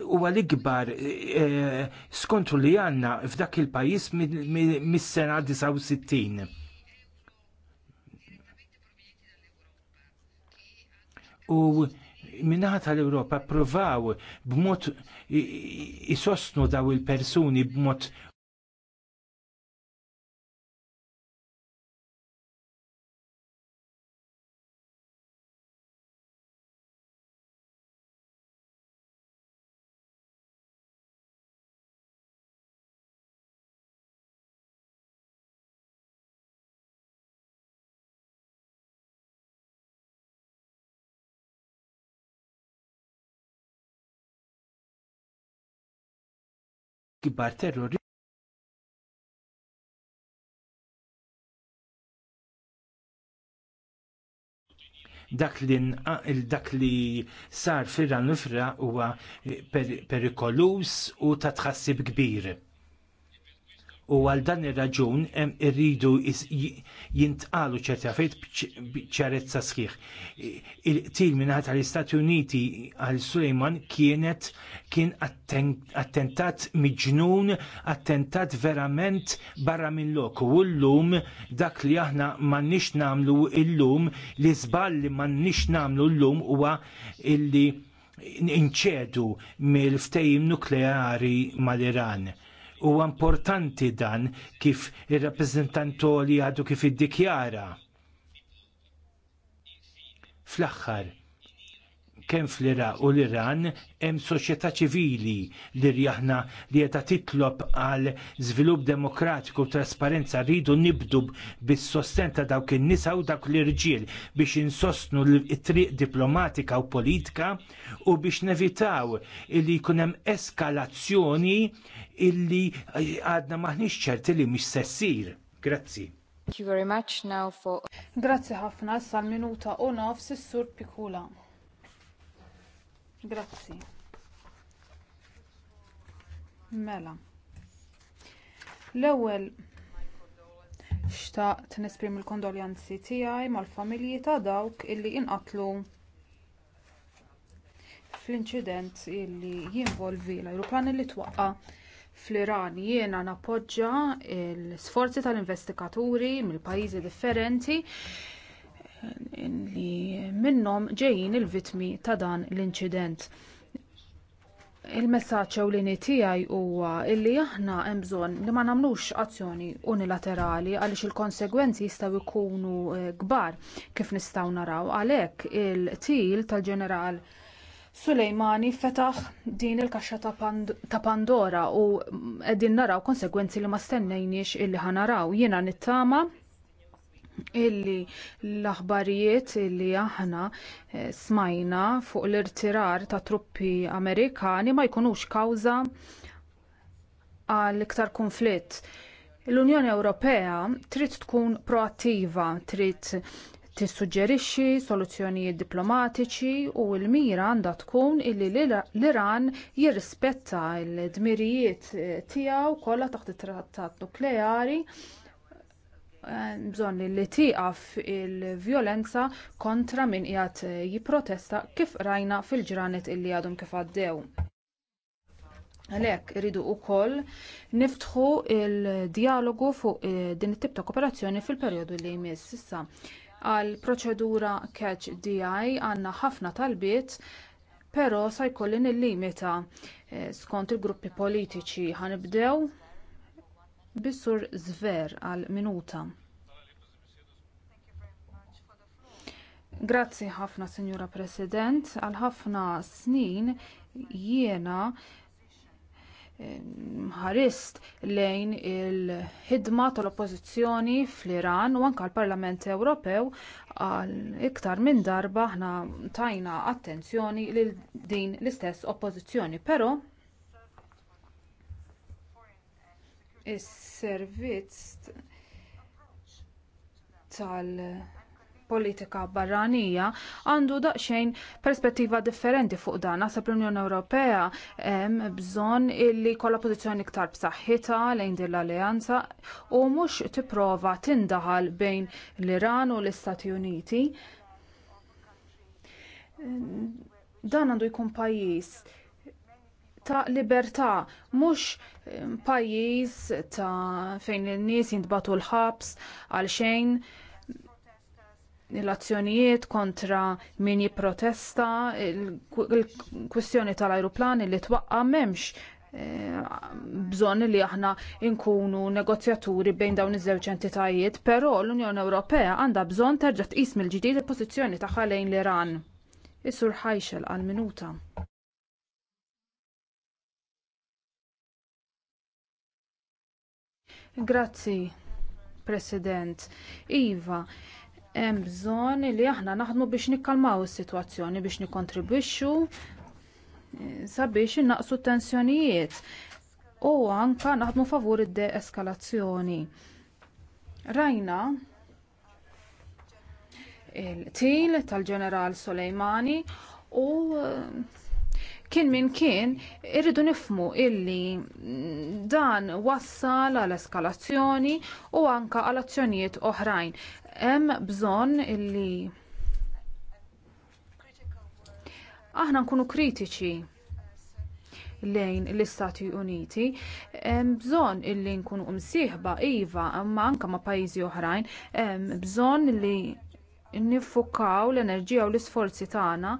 huwa għal ikbar eh, skontru li għandna f'dak il-pajjiż mis-sena 69. U minnaħa tal-Europa provaw b'mod isostnu daw il-persuni b'mod kibar terrorist, dak li dak li sar firra nifra huwa perikolus u ta' tħassib kbir. U għal dan ir-raġun irridu jintqalu ċerti affarijiet b'ċarezza sħiħ. Il-qtil mingħajr tal-Istati Uniti għal Sulejman kienet kien attentat miġnun, attentat verament barra minn lok. U llum dak li aħna m'għandniex nagħmlu llum, li żball li m'għandniex nagħmlu llum huwa illi inċedu mill-ftejim nukleari mal-Iran U importanti dan kif ir-rappreżentantu li għadu kif iddikjara. Fl-aħħar, kemm fl-Iraq u l-Iran hemm soċjetà ċivili li rjaħna li qiegħda titlob għal żvilupp demokratiku u trasparenza rridu nibdu bis-sosten ta' dawk in-nisa u dawk l-irġiel biex insostnu l-triq diplomatika u politika u biex nevitaw li jkun hemm eskalazzjoni illi għadna maħniex ċerti li mhix sessir. Grazzi. Thank you very much now for... Grazzi ħafna sal minuta u nofs is-sur Pikula. Grazzi. Mela. L-ewwel xtaqt nesprim il-kondoljanzi tiegħi mal-familji ta' dawk illi inqatlu fl-inċident illi jinvolvi l-ajruplan li twaqqa fl-Iran jiena nappoġġja l-sforzi tal-investigaturi mill-pajjiżi differenti li minnhom ġejjin il-vittmi ta' dan l-inċident. Il-messaġġ ewlieni tiegħi huwa li aħna hemm bżonn li ma nagħmlux azzjoni unilaterali għaliex il-konsegwenzi jistgħu jkunu eh, kbar kif nistgħu naraw għalhekk il-til tal-ġeneral Sulejmani fetaħ din il-kaxxa ta, ta' Pandora u qegħdin naraw konsegwenzi li ma stennejniex illi ħanaraw. Jiena nittama illi l-aħbarijiet illi aħna eh, smajna fuq l-irtirar ta' truppi Amerikani ma jkunux kawża għal iktar kunflitt. L-Unjoni Ewropea trid tkun proattiva, trid tissuġġerixxi soluzzjonijiet diplomatiċi u l-mira għandha tkun illi l-Iran jirrispetta l-dmirijiet eh, tiegħu kollha taħt it-trattat nukleari Eh, bżonn li tieqaf il-vjolenza kontra min qiegħed eh, jipprotesta kif rajna fil-ġranet illi għadhom kif għaddew. Għalhekk iridu wkoll niftħu l dialogu fuq eh, din it-tip ta' kooperazzjoni fil-perjodu li jmiss issa. Għal proċedura catch DI għandna ħafna talbiet, però sa jkolli nillimita skont il-gruppi politiċi ħanibdew Bissur Zver għal minuta. Grazzi ħafna, Signora President, għal ħafna snin jiena eh, ħarist lejn il-ħidma tal-oppożizzjoni fl-Iran u anke l-Parlament Ewropew għal iktar minn darba aħna tajna attenzjoni lil din l-istess oppożizzjoni, però Is-servizz tal-politika barranija għandu daqsxejn perspettiva differenti fuq dan. Naħseb l-Unjoni Ewropea hemm bżonn illi kollha pożizzjoni iktar b'saħħitha lejn din l-alleanza u mhux tipprova tindaħal bejn l-Iran u l-Istati Uniti. Dan għandu jkun pajjiż ta' libertà, mhux pajjiż ta' fejn in-nies jintbatu l-ħabs għal xejn l-azzjonijiet kontra min jipprotesta, il-kwistjoni tal-ajruplani li twaqqa m'hemmx bżonn li aħna nkunu negozjaturi bejn dawn iż-żewġ entitajiet, però l-Unjoni Ewropea għandha bżonn terġa' tqis mill-ġdid il-pożizzjoni tagħha lejn l-Iran. Is-Sur Ħajxel għal minuta. Grazzi, President. Iva, hemm bżonn li aħna naħdmu biex nikkalmaw is-sitwazzjoni biex nikkontribwixxu eh, sabiex innaqsu t tensjonijiet u anke naħdmu favur id-deeskalazzjoni. Rajna il-til tal-ġeneral Soleimani u eh, kien minn kien irridu nifmu illi dan wassal għal eskalazzjoni u anka għal azzjonijiet oħrajn. Hemm bżonn illi aħna nkunu kritiċi lejn l-Istati Uniti. Hemm bżonn illi nkunu msieħba iva, imma anke ma' pajjiżi oħrajn, hemm bżonn li niffukaw l-enerġija u l-isforzi tagħna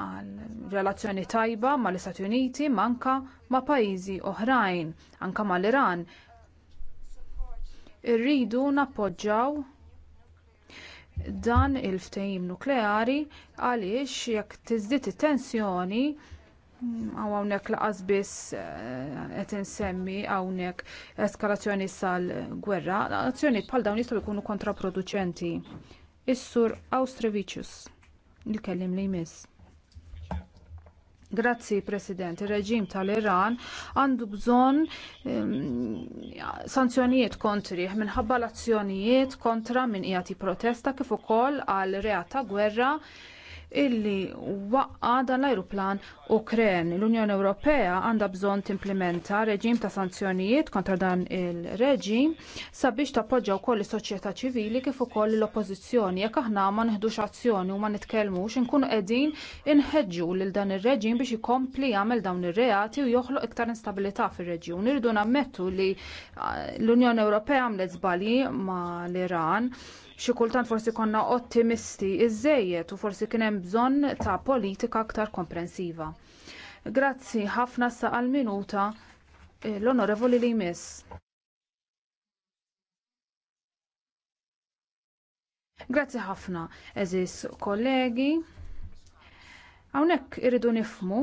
għal relazzjoni tajba mal-Istati Uniti ma anke ma' pajjiżi oħrajn, anke mal-Iran. Irridu nappoġġjaw dan il-ftehim nukleari għaliex jekk tiżdied it-tensjoni għaw hawnhekk laqas biss eh, qed insemmi hawnhekk eskalazzjoni sal-gwerra, azzjoni bħal dawn jistgħu jkunu kontraproduċenti. Is-sur Austrevicius, il-kellim li jmiss. Grazzi, President. Il-reġim tal-Iran għandu bżon sanzjonijiet kontri minħabba l-azzjonijiet kontra minn qiegħed protesta kif ukoll għal reata gwerra illi waqqa dan l-ajruplan Ukren. L-Unjoni Ewropea għandha bżonn timplementa reġim ta' sanzjonijiet kontra dan il-reġim sabiex tappoġġa wkoll is-soċjetà ċivili kif ukoll l-oppożizzjoni jekk aħna ma nieħdux azzjoni u ma nitkellmux inkunu qegħdin inħeġġu lil dan ir-reġim biex ikompli jagħmel dawn ir-reati u joħloq iktar instabilità fir-reġjun. Irridu nammettu li ah, l-Unjoni Ewropea għamlet żbalji mal iran xi kultant forsi konna ottimisti iżejjed u forsi kien hemm bżonn ta' politika aktar komprensiva. Grazzi ħafna sa' għal-minuta eh, l-onorevoli li jmiss. Grazzi ħafna, eżis kollegi. Hawnhekk irridu nifmu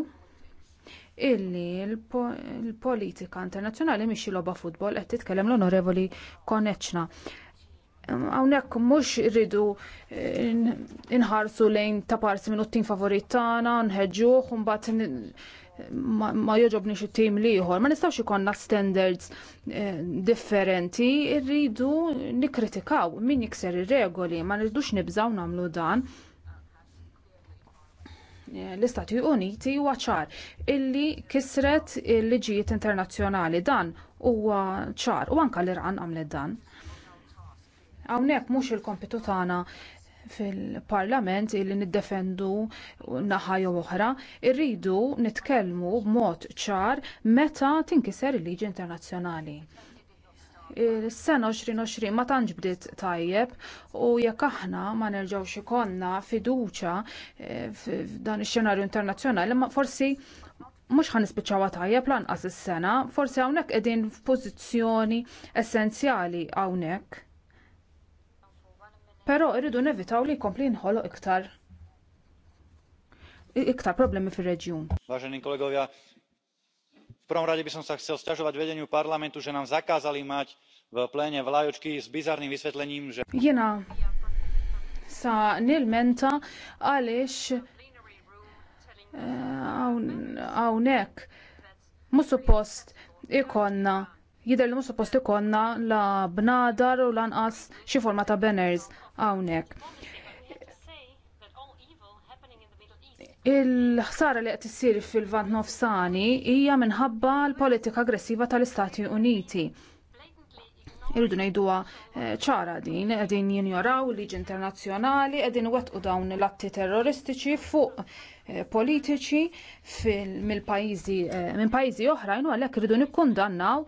illi l-politika internazjonali internazzjonali mhix logħba futbol qed titkellem l-Onorevoli konneċna. Hawnhekk mhux rridu eh, inħarsu lejn ta' parsi minn tim favorit tagħna, nħedġuħ, u mbagħad ma joġobni xi tim liħor, ma nistawx ikonna standards eh, differenti, rridu nikkritikaw min jikser ir-regoli, ma nridux nibżaw nagħmlu dan eh, l-Istati Uniti huwa ċar illi kisret il-liġijiet internazzjonali dan huwa ċar u anka l-Iran għamlet dan. Hawnhekk mhux il-kompitu tagħna fil-parlament illi niddefendu naħa oħra, irridu nitkellmu b'mod ċar meta tinkiser il-liġi internazzjonali. Is-sena 2020 ma tantx bdiet tajjeb u jekk aħna ma nerġgħux ikollna fiduċja eh, f'dan ix-xenarju internazzjonali, ma forsi mux ħan ispiċawa tajjeb lanqas is-sena, forsi hawnhekk qegħdin f'pożizzjoni essenzjali hawnhekk Pero rridu nevitaw li jkompli nħolo iktar iktar problemi fil reġjun Vážení kolegovia, v prvom rade by som sa chcel sťažovať vedeniu parlamentu, že nám zakázali mať v pléne vlajočky s bizarným vysvetlením, že... Jena sa nilmenta, menta għalix għawnek eh, mu suppost ikonna jider li mu ikonna la bnadar u lanqas xi forma ta' banners hawnhekk. Il-ħsara li qed issir fil-vant nofsani hija minħabba l-politika aggressiva tal-Istati Uniti. Irridu ngħiduha eh, ċara din, qegħdin jinjoraw liġi internazzjonali, qegħdin iwettqu dawn l-atti terroristiċi fuq Eh, politiċi mill-pajjiżi eh, minn pajjiżi oħrajn u għalhekk irridu nikkundannaw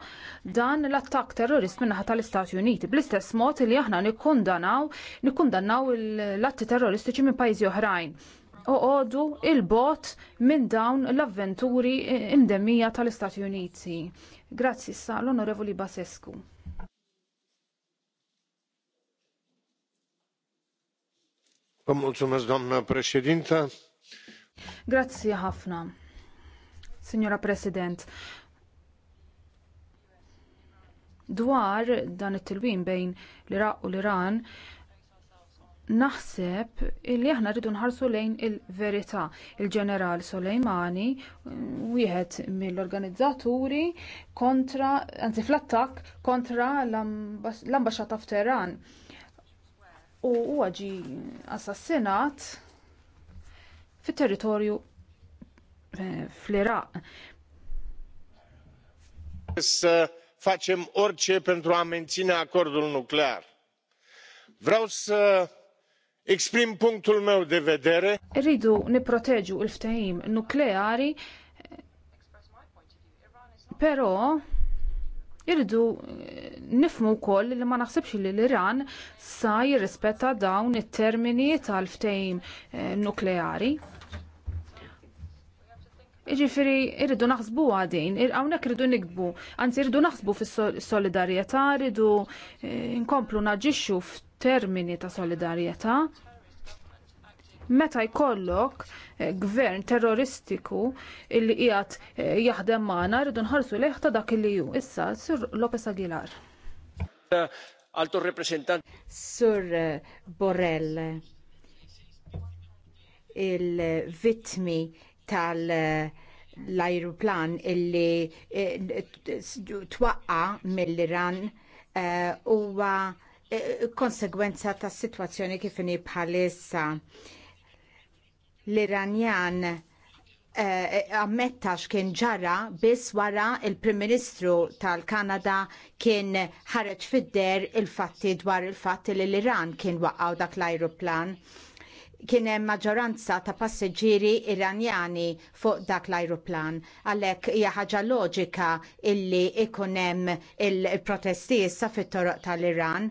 dan l-attakk terrorist minnaħa naħa tal-Istati Uniti. Bl-istess mod li aħna nikkundanaw nikkundannaw l-atti terroristiċi minn pajjiżi oħrajn għodu il-bot minn dawn l-avventuri indemija tal-Istati Uniti. Grazzi sa l-Onorevoli Basescu. Vă mulțumesc, doamnă președintă. Grazzi ħafna, Signora President. Dwar dan it-tilwim bejn l-Iraq u l-Iran, naħseb li aħna rridu nħarsu lejn il-verità. Il-ġeneral Soleimani, wieħed mill-organizzaturi kontra, anzi fl-attakk kontra l-ambasċata f'Teheran. U huwa ġi assassinat fit-territorju eh, fl-Iraq. Să facem orice pentru a menține acordul nuclear. Vreau să exprim punctul meu de vedere. ne nipproteġu il-ftehim nukleari, però irridu eh, nifmu wkoll li ma naħsibx li l-Iran sa jirrispetta dawn it-termini tal-ftehim eh, nukleari. Ġifiri, irridu naħsbu għadin, għawnek irridu nikbu, għanzi irridu naħsbu fis solidarieta irridu eh, nkomplu naġiċu f'termini ta' solidarieta. Meta jkollok eh, gvern terroristiku illi qiegħed eh, jaħdem maħna, rridu nħarsu leħ ta' dak illi ju. Issa, Sur Lopez Aguilar. Alto representant. Sur Borrell il-vitmi tal- l-ajruplan illi eh, twaqqa mill-Iran eh, huwa eh, konsegwenza ta' situazzjoni kif bħalissa. L-Iranjan ammettax kien ġara biss wara il-Prim Ministru tal-Kanada kien ħareġ fid-der il-fatti dwar il fatti li l-Iran kien waqgħu dak l ajruplan kien hemm maġġoranza ta' passiġġieri iranjani fuq dak l ajruplan Għalhekk hija ħaġa loġika illi ikun hemm il-protesti issa fit-toroq tal-Iran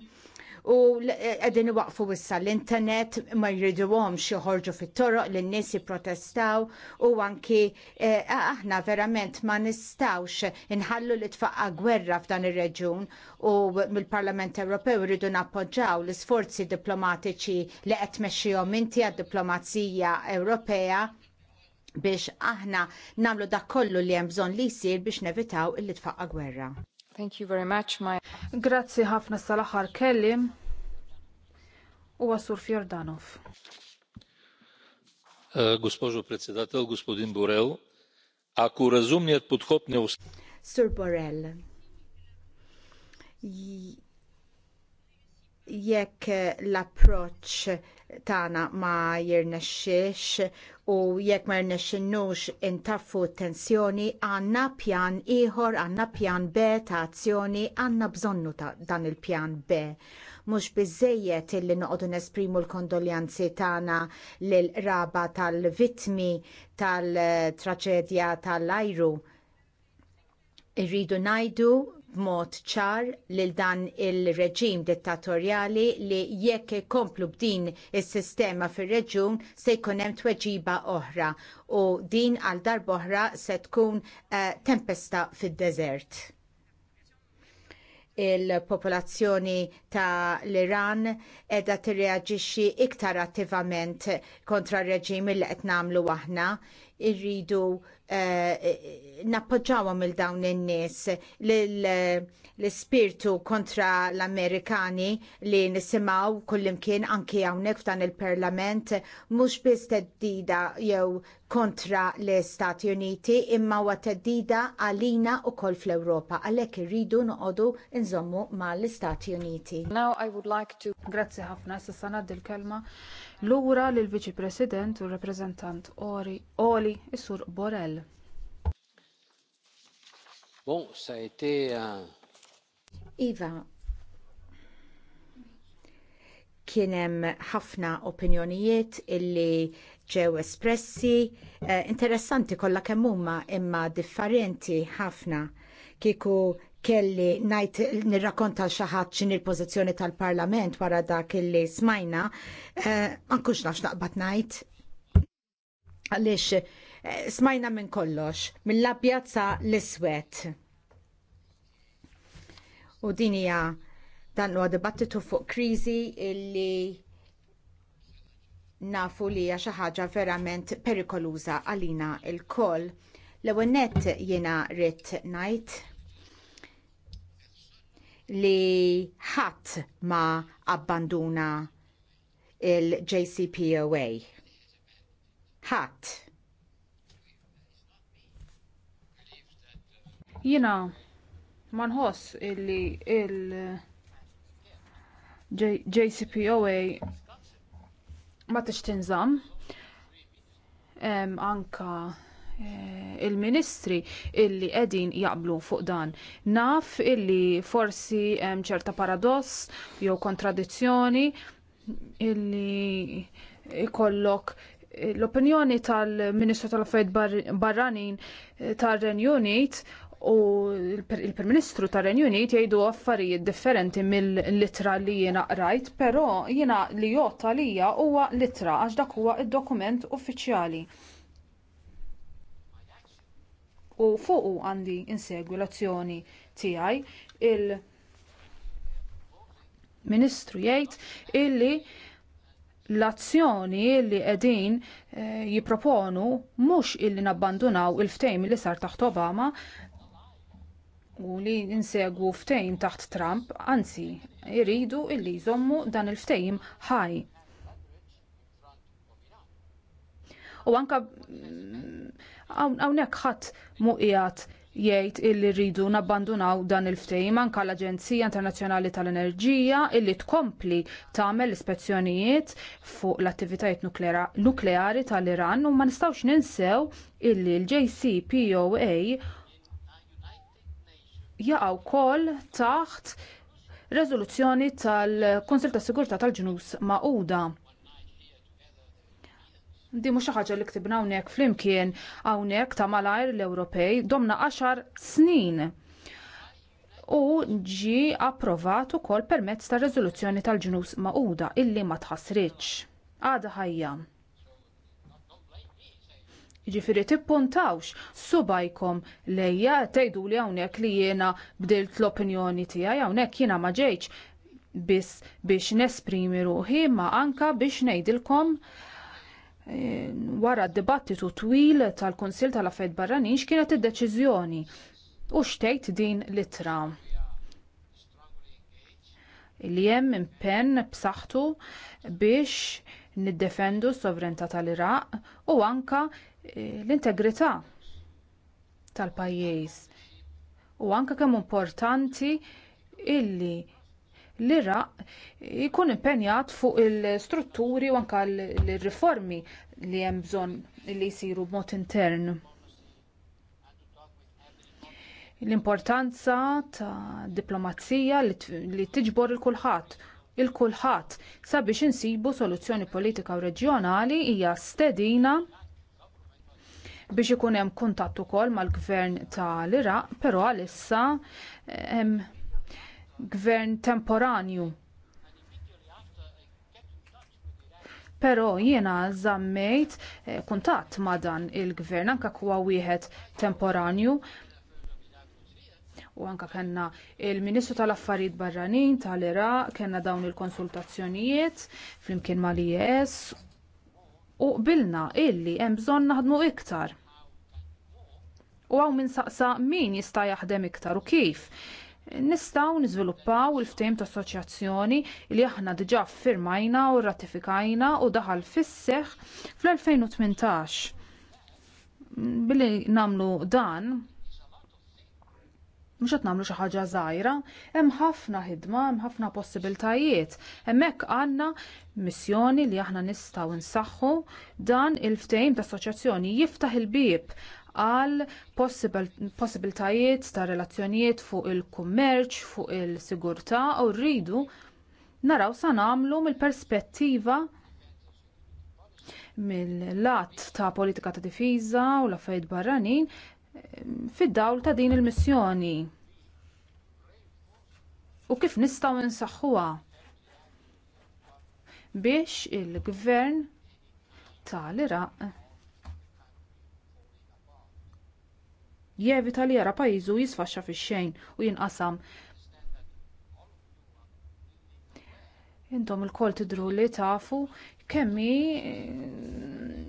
u e- għedin waqfu wissa l-internet ma jridu għom xieħorġu fit-toroq l-nies protestaw u anki e, aħna verament ma nistawx inħallu li tfaqqa gwerra f'dan ir-reġun u mill-Parlament Ewropew rridu nappoġġaw l-isforzi diplomatiċi li qed mexxihom inti għad-diplomazija Ewropea biex aħna namlu dak kollu li hemm bżonn li jsir biex nevitaw il-li tfaqqa gwerra. Thank you very much. My... Grazzi ħafna sal-aħħar kellim u għasur Fjordanov. Uh, Госпожо председател, господин Борел, ако разумният подход не... Sir Borel, jekk l-approċ Tana ma jirnexxiex u jekk ma jirnexxinux intaffu t tensjoni għandna pjan ieħor, għandna pjan B ta' azzjoni, għandna bżonnu ta' dan il-pjan B. Mhux biżejjed illi noqogħdu nesprimu l-kondoljanzi tagħna l raba tal-vittmi tal-traċedja tal-ajru. Irridu ngħidu b'mod ċar lil dan il-reġim dittatorjali li jekk ikomplu b'din is-sistema fir-reġjun se jkun hemm tweġiba oħra u din għal darb'oħra se tkun uh, tempesta fid-deżert. Il-popolazzjoni ta' l-Iran edha tirreaġixxi iktar attivament kontra r-reġim li qed nagħmlu aħna irridu eh, nappoġġawhom il dawn in-nies l-ispirtu kontra l-Amerikani li nisimgħu kullimkien anki hawnhekk f'dan il-Parlament mhux biss teddida jew kontra l-Istati Uniti imma huwa teddida għalina wkoll fl-Ewropa għalhekk irridu noqogħdu nżommu mal istati Uniti. Now I would like to Grazzi ħafna, Sassana sanad il-kelma lura lill viċi President u r-rappreżentant Oli is-Sur Borrell. Bon, iva, Kien hemm Iva, kienem ħafna opinjonijiet illi ġew espressi, eh, interessanti kollha kemm huma imma differenti ħafna kieku kelli najt nirrakkonta xaħat xin il-pozizjoni tal-parlament wara dak li smajna, eh, mankux nax naqbat najt. Għalix, eh, smajna minn kollox, mill la sa l-iswet. U dinija dan huwa dibattitu fuq kriżi illi nafu li hija xi ħaġa verament perikoluża għalina il-koll. L-ewwel nett jiena rrid ngħid li ħadd ma abbanduna il-JCPOA. Ħadd. Jina ma nħoss illi il-JCPOA ma tixtinżam anka Eh, il-ministri illi qegħdin jaqblu fuq dan. Naf illi forsi hemm ċerta paradoss jew kontradizzjoni illi ikollok l-opinjoni tal-Ministru tal-Affarijiet Barranin eh, tar-Renju Unit u il-Prim Ministru tar-Renju Unit jgħidu affarijiet differenti mill-litra li jiena qrajt, però jiena li jgħod għalija huwa litra għax dak huwa id-dokument uffiċjali u fuqu għandi insegwi l-azzjoni tiegħi il-Ministru jgħid illi l-azzjoni li qegħdin eh, jipproponu mhux illi nabbandunaw il-ftejm li sar taħt Obama u li nsegwu ftejm taħt Trump, anzi, jridu illi jżommu dan il-ftejm ħaj. U anka Hawnhekk ħadd muqijat jgħid illi rridu nabbandunaw dan il-ftehim anke l-Aġenzija Internazzjonali tal-Enerġija illi tkompli tagħmel ispezzjonijiet fuq l-attivitajiet nukleari tal-Iran u ma nistgħux ninsew illi l-JCPOA jaqgħu wkoll taħt reżoluzzjoni tal konsil tas-Sigurtà tal-Ġnus Magħquda. Di mhux xi ħaġa li ktibna hawnhekk flimkien hawnhekk ta' malajr l-Ewropej domna 10 snin u ġi approvat ukoll permezz ta' riżoluzzjoni tal-ġnus maquda illi ma tħassritx. Għada ħajja. Ġifiri tippuntawx subajkom lejja tgħidu li hawnhekk li jiena bdilt l-opinjoni tiegħi hawnhekk jiena ma ġejtx biss biex nesprimi ruħi ma anka biex ngħidilkom Eh, wara d-dibattitu twil tal-Kunsil tal-Affajt Barranin x'kienet id-deċiżjoni u xtejt din l-ittra li hemm impenn b'saħħtu biex niddefendu s-sovranità tal-Iraq u anka eh, l-integrità tal-pajjiż. U anka kemm importanti illi l-Iraq jkun impenjat fuq il-strutturi u anke l-riformi li hemm bżonn li jsiru b'mod intern. L-importanza ta' diplomazija li tiġbor il kulħadd il kulħadd sabiex insibu soluzzjoni politika u reġjonali hija stedina biex ikun hemm kuntatt ukoll mal-gvern tal-Iraq, però għalissa hemm gvern temporanju. Pero jiena zammejt eh, kuntatt ma dan il-gvern anka kwa wieħed temporanju u anka kellna il-Ministru tal-Affarijiet Barranin tal-Iraq, kellna dawn il-konsultazzjonijiet flimkien mal-IS e u bilna illi hemm bżonn naħdmu iktar. U għaw minn saqsa min jista' jaħdem iktar u kif nistgħu niżviluppaw il-ftehim ta' assoċjazzjoni li aħna diġà ffirmajna u rratifikajna u daħal fis-seħħ fl-2018. Billi nagħmlu dan mhux qed nagħmlu xi ħaġa żgħira, hemm ħafna ħidma, hemm ħafna possibiltajiet. Hemmhekk għandna missjoni li aħna nistgħu nsaħħu dan il-ftehim ta' assoċjazzjoni jiftaħ il-bieb għal possibiltajiet ta' relazzjonijiet fuq il-kummerċ, fuq il-sigurtà u rridu naraw sa nagħmlu mill-perspettiva mill-lat ta' politika ta' difiża u l-affarijiet barranin eh, fid-dawl ta' din il-missjoni. U kif nistgħu nsaħħuha biex il-gvern tal-Iraq jevita li jara pajizu jisfaxxa fix-xejn u jinqasam. Intom il-kol tidru li tafu kemmi eh,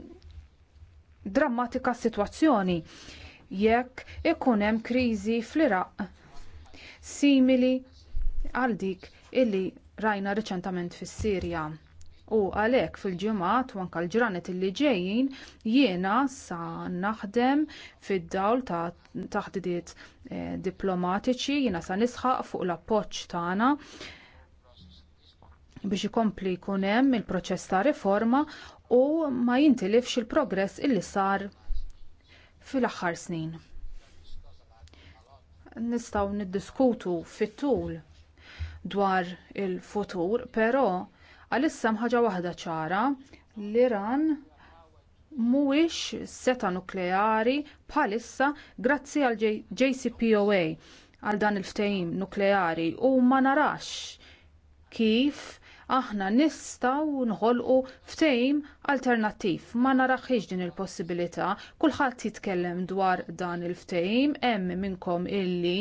drammatika situazzjoni sitwazzjoni jekk ikun hemm kriżi fl-Iraq simili għal dik illi rajna riċentament fis-Sirja u għalhekk fil-ġimgħat u anke l-ġranet illi ġejjin jiena sa naħdem fid-dawl ta' taħdidiet eh, diplomatiċi jiena sa nisħaq fuq l-appoġġ tagħna biex ikompli jkun hemm il-proċess ta' riforma u ma jintilifx il-progress illi sar fil-aħħar snin. Nistgħu niddiskutu fit-tul dwar il-futur, però Għalissa mħaġa waħda ċara l-Iran mhuwiex seta nukleari bħalissa grazzi għal JCPOA għal dan il-ftehim nukleari u ma narax kif aħna nistgħu nħolqu ftehim alternattiv. Ma naraħħiġ din il-possibilità, kulħadd jitkellem dwar dan il-ftehim, hemm minnkom illi